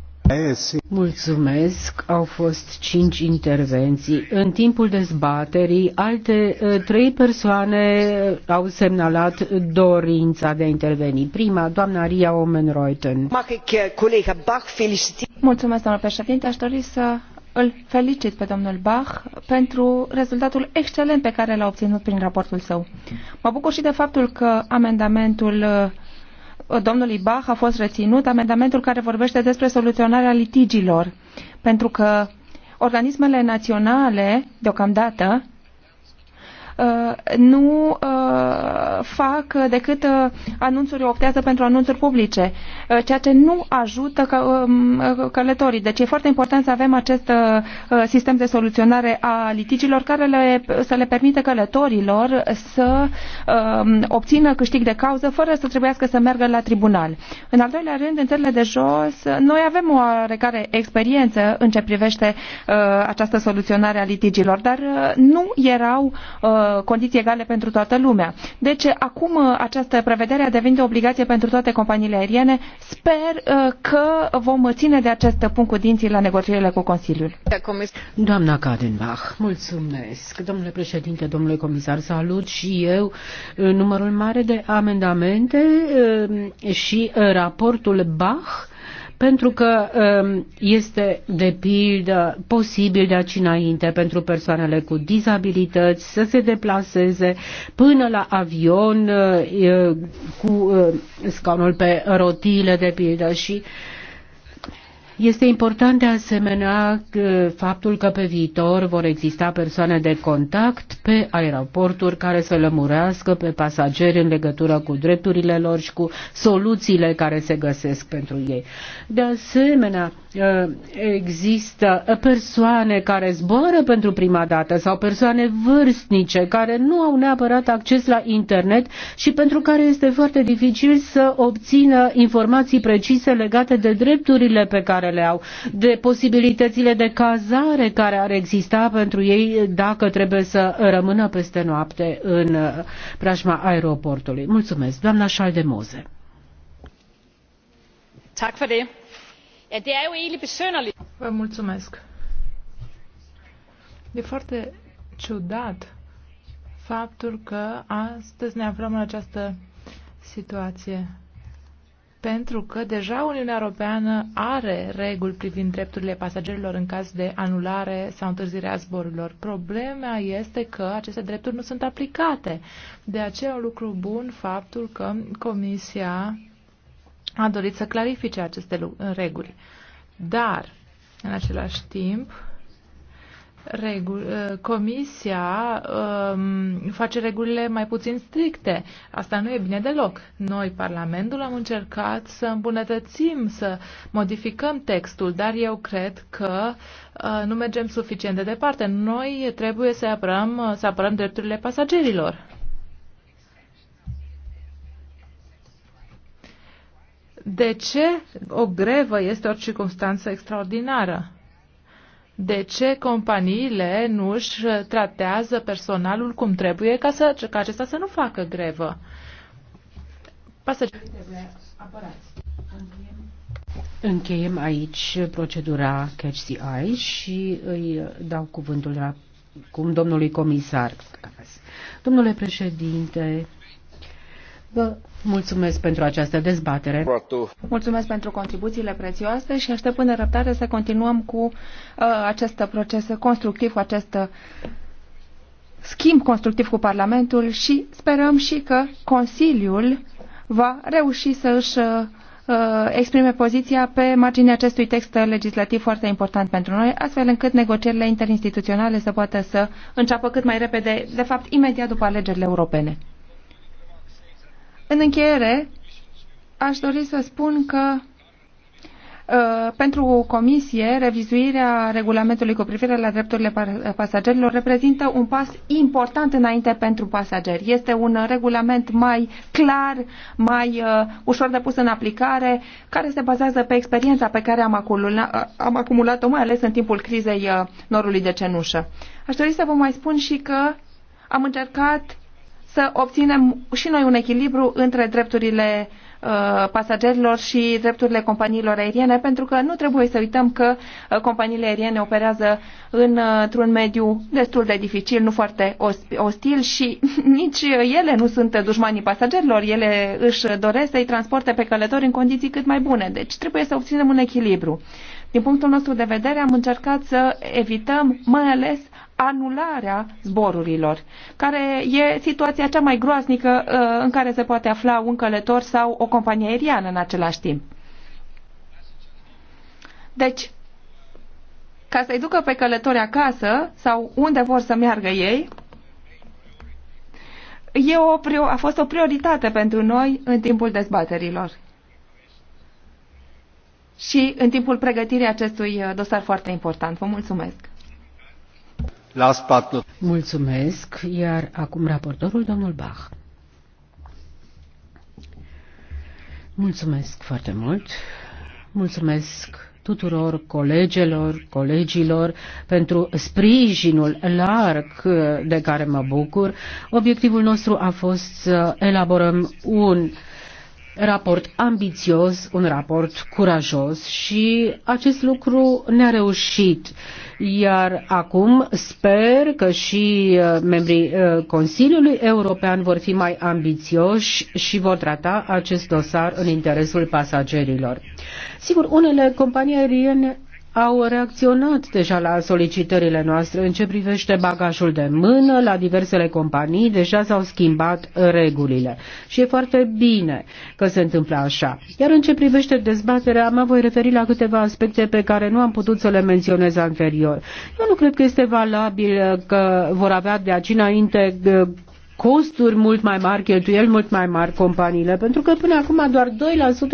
S1: Mulțumesc, au fost cinci intervenții. În timpul dezbaterii, alte uh, trei persoane uh, au semnalat dorința de a interveni. Prima, doamna Ria Omenreuten.
S4: Mulțumesc, doamna președinte. Aș dori să îl felicit pe domnul Bach pentru rezultatul excelent pe care l-a obținut prin raportul său. Mă bucur și de faptul că amendamentul uh, domnului Bach a fost reținut amendamentul care vorbește despre soluționarea litigiilor, pentru că organismele naționale, deocamdată, Uh, nu uh, fac decât uh, anunțuri, optează pentru anunțuri publice, ceea ce nu ajută um, călătorii. Deci e foarte important să avem acest sistem de soluționare a litigilor care le, să le permite călătorilor să um, obțină câștig de cauză fără să trebuiască să meargă la tribunal. În al doilea rând, în țările de jos, noi avem o oarecare experiență în ce privește această soluționare a litigilor, dar nu erau uh, condiții egale pentru toată lumea. Deci acum uh, această prevedere a devenit o obligație pentru toate companiile aeriene. Sper uh, că vom ține de acest punct cu dinții la negocierile cu Consiliul.
S1: Doamna Cadenbach, mulțumesc. Domnule președinte, domnule comisar, salut și eu uh, numărul mare de amendamente și raportul Bach pentru că um, este de pildă posibil de aici înainte pentru persoanele cu dizabilități să se deplaseze până la avion uh, cu uh, scaunul pe rotile de pildă și uh, este important de asemenea faptul că pe viitor vor exista persoane de contact pe aeroporturi care să lămurească pe pasageri în legătură cu drepturile lor și cu soluțiile care se găsesc pentru ei. De asemenea, Ă, există persoane care zboară pentru prima dată sau persoane vârstnice care nu au neapărat acces la internet și pentru care este foarte dificil să obțină informații precise legate de drepturile pe care le au, de posibilitățile de cazare care ar exista pentru ei dacă trebuie să rămână peste noapte în preajma aeroportului. Mulțumesc, doamna Șaldemoze.
S3: Tak for det. Er Vă mulțumesc. E foarte ciudat faptul că astăzi ne aflăm în această situație. Pentru că deja Uniunea Europeană are reguli privind drepturile pasagerilor în caz de anulare sau întârziere a zborurilor. Problema este că aceste drepturi nu sunt aplicate. De aceea un lucru bun faptul că Comisia a dorit să clarifice aceste reguli. Dar, în același timp, ă, comisia um, face regulile mai puțin stricte. Asta nu e bine deloc. Noi, Parlamentul, am încercat să îmbunătățim, să modificăm textul, dar eu cred că uh, nu mergem suficient de departe. Noi trebuie să apărăm, să apărăm drepturile pasagerilor. De ce o grevă este o circunstanță extraordinară? De ce companiile nu își tratează personalul cum trebuie ca, să, ca acesta să nu facă grevă? Pasagerii Încheiem
S1: aici procedura Catch the Eye și îi dau cuvântul la, cum domnului comisar. Domnule președinte, vă Mulțumesc pentru această dezbatere.
S4: Mulțumesc pentru contribuțiile prețioase și aștept până răbdare să continuăm cu uh, acest proces constructiv, cu acest uh, schimb constructiv cu Parlamentul și sperăm și că Consiliul va reuși să își uh, exprime poziția pe marginea acestui text legislativ foarte important pentru noi, astfel încât negocierile interinstituționale să poată să înceapă cât mai repede, de fapt imediat după alegerile europene. În încheiere, aș dori să spun că uh, pentru Comisie, revizuirea regulamentului cu privire la drepturile pasagerilor reprezintă un pas important înainte pentru pasageri. Este un regulament mai clar, mai uh, ușor de pus în aplicare, care se bazează pe experiența pe care am, am acumulat-o, mai ales în timpul crizei uh, norului de cenușă. Aș dori să vă mai spun și că am încercat să obținem și noi un echilibru între drepturile uh, pasagerilor și drepturile companiilor aeriene, pentru că nu trebuie să uităm că uh, companiile aeriene operează în, uh, într-un mediu destul de dificil, nu foarte ostil și [laughs] nici ele nu sunt dușmanii pasagerilor, ele își doresc să-i transporte pe călători în condiții cât mai bune, deci trebuie să obținem un echilibru. Din punctul nostru de vedere am încercat să evităm mai ales anularea zborurilor, care e situația cea mai groaznică uh, în care se poate afla un călător sau o companie aeriană în același timp. Deci, ca să-i ducă pe călători acasă sau unde vor să meargă ei, e o, a fost o prioritate pentru noi în timpul dezbaterilor și în timpul pregătirii acestui uh, dosar foarte important. Vă mulțumesc!
S2: Last but not...
S1: Mulțumesc, iar acum raportorul, domnul Bach. Mulțumesc foarte mult. Mulțumesc tuturor colegelor, colegilor pentru sprijinul larg de care mă bucur. Obiectivul nostru a fost să elaborăm un raport ambițios, un raport curajos și acest lucru ne-a reușit. Iar acum sper că și uh, membrii uh, Consiliului European vor fi mai ambițioși și vor trata acest dosar în interesul pasagerilor. Sigur, unele companii aeriene au reacționat deja la solicitările noastre în ce privește bagajul de mână, la diversele companii, deja s-au schimbat regulile. Și e foarte bine că se întâmplă așa. Iar în ce privește dezbaterea, mă voi referi la câteva aspecte pe care nu am putut să le menționez anterior. Eu nu cred că este valabil că vor avea de aici înainte costuri mult mai mari, cheltuieli mult mai mari companiile, pentru că până acum doar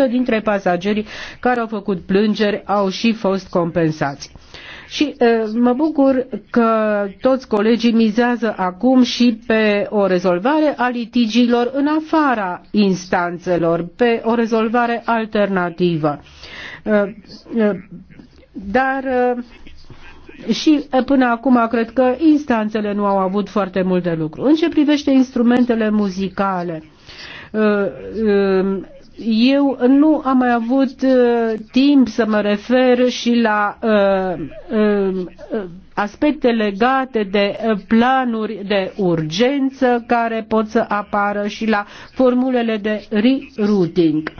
S1: 2% dintre pasagerii care au făcut plângeri au și fost compensați. Și uh, mă bucur că toți colegii mizează acum și pe o rezolvare a litigiilor în afara instanțelor, pe o rezolvare alternativă. Uh, uh, dar și eh, până acum cred că instanțele nu au avut foarte mult de lucru. În ce privește instrumentele muzicale, eh, eh, eu nu am mai avut timp să mă refer și la aspecte legate de planuri de urgență care pot să apară și la formulele de rerouting.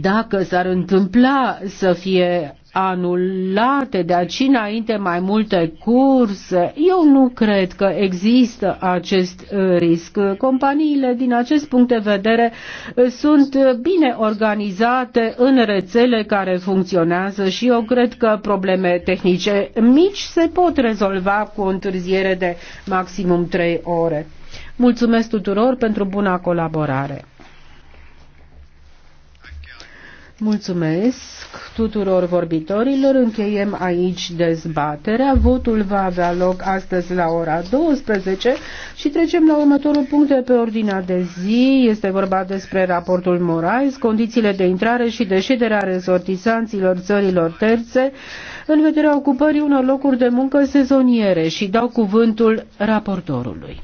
S1: Dacă s-ar întâmpla să fie anulate de aici înainte mai multe curse. Eu nu cred că există acest uh, risc. Companiile din acest punct de vedere uh, sunt uh, bine organizate în rețele care funcționează și eu cred că probleme tehnice mici se pot rezolva cu o întârziere de maximum 3 ore. Mulțumesc tuturor pentru buna colaborare. Mulțumesc tuturor vorbitorilor. Încheiem aici dezbaterea. Votul va avea loc astăzi la ora 12 și trecem la următorul punct de pe ordinea de zi. Este vorba despre raportul Moraes, condițiile de intrare și de ședere a resortisanților țărilor terțe în vederea ocupării unor locuri de muncă sezoniere și dau cuvântul raportorului.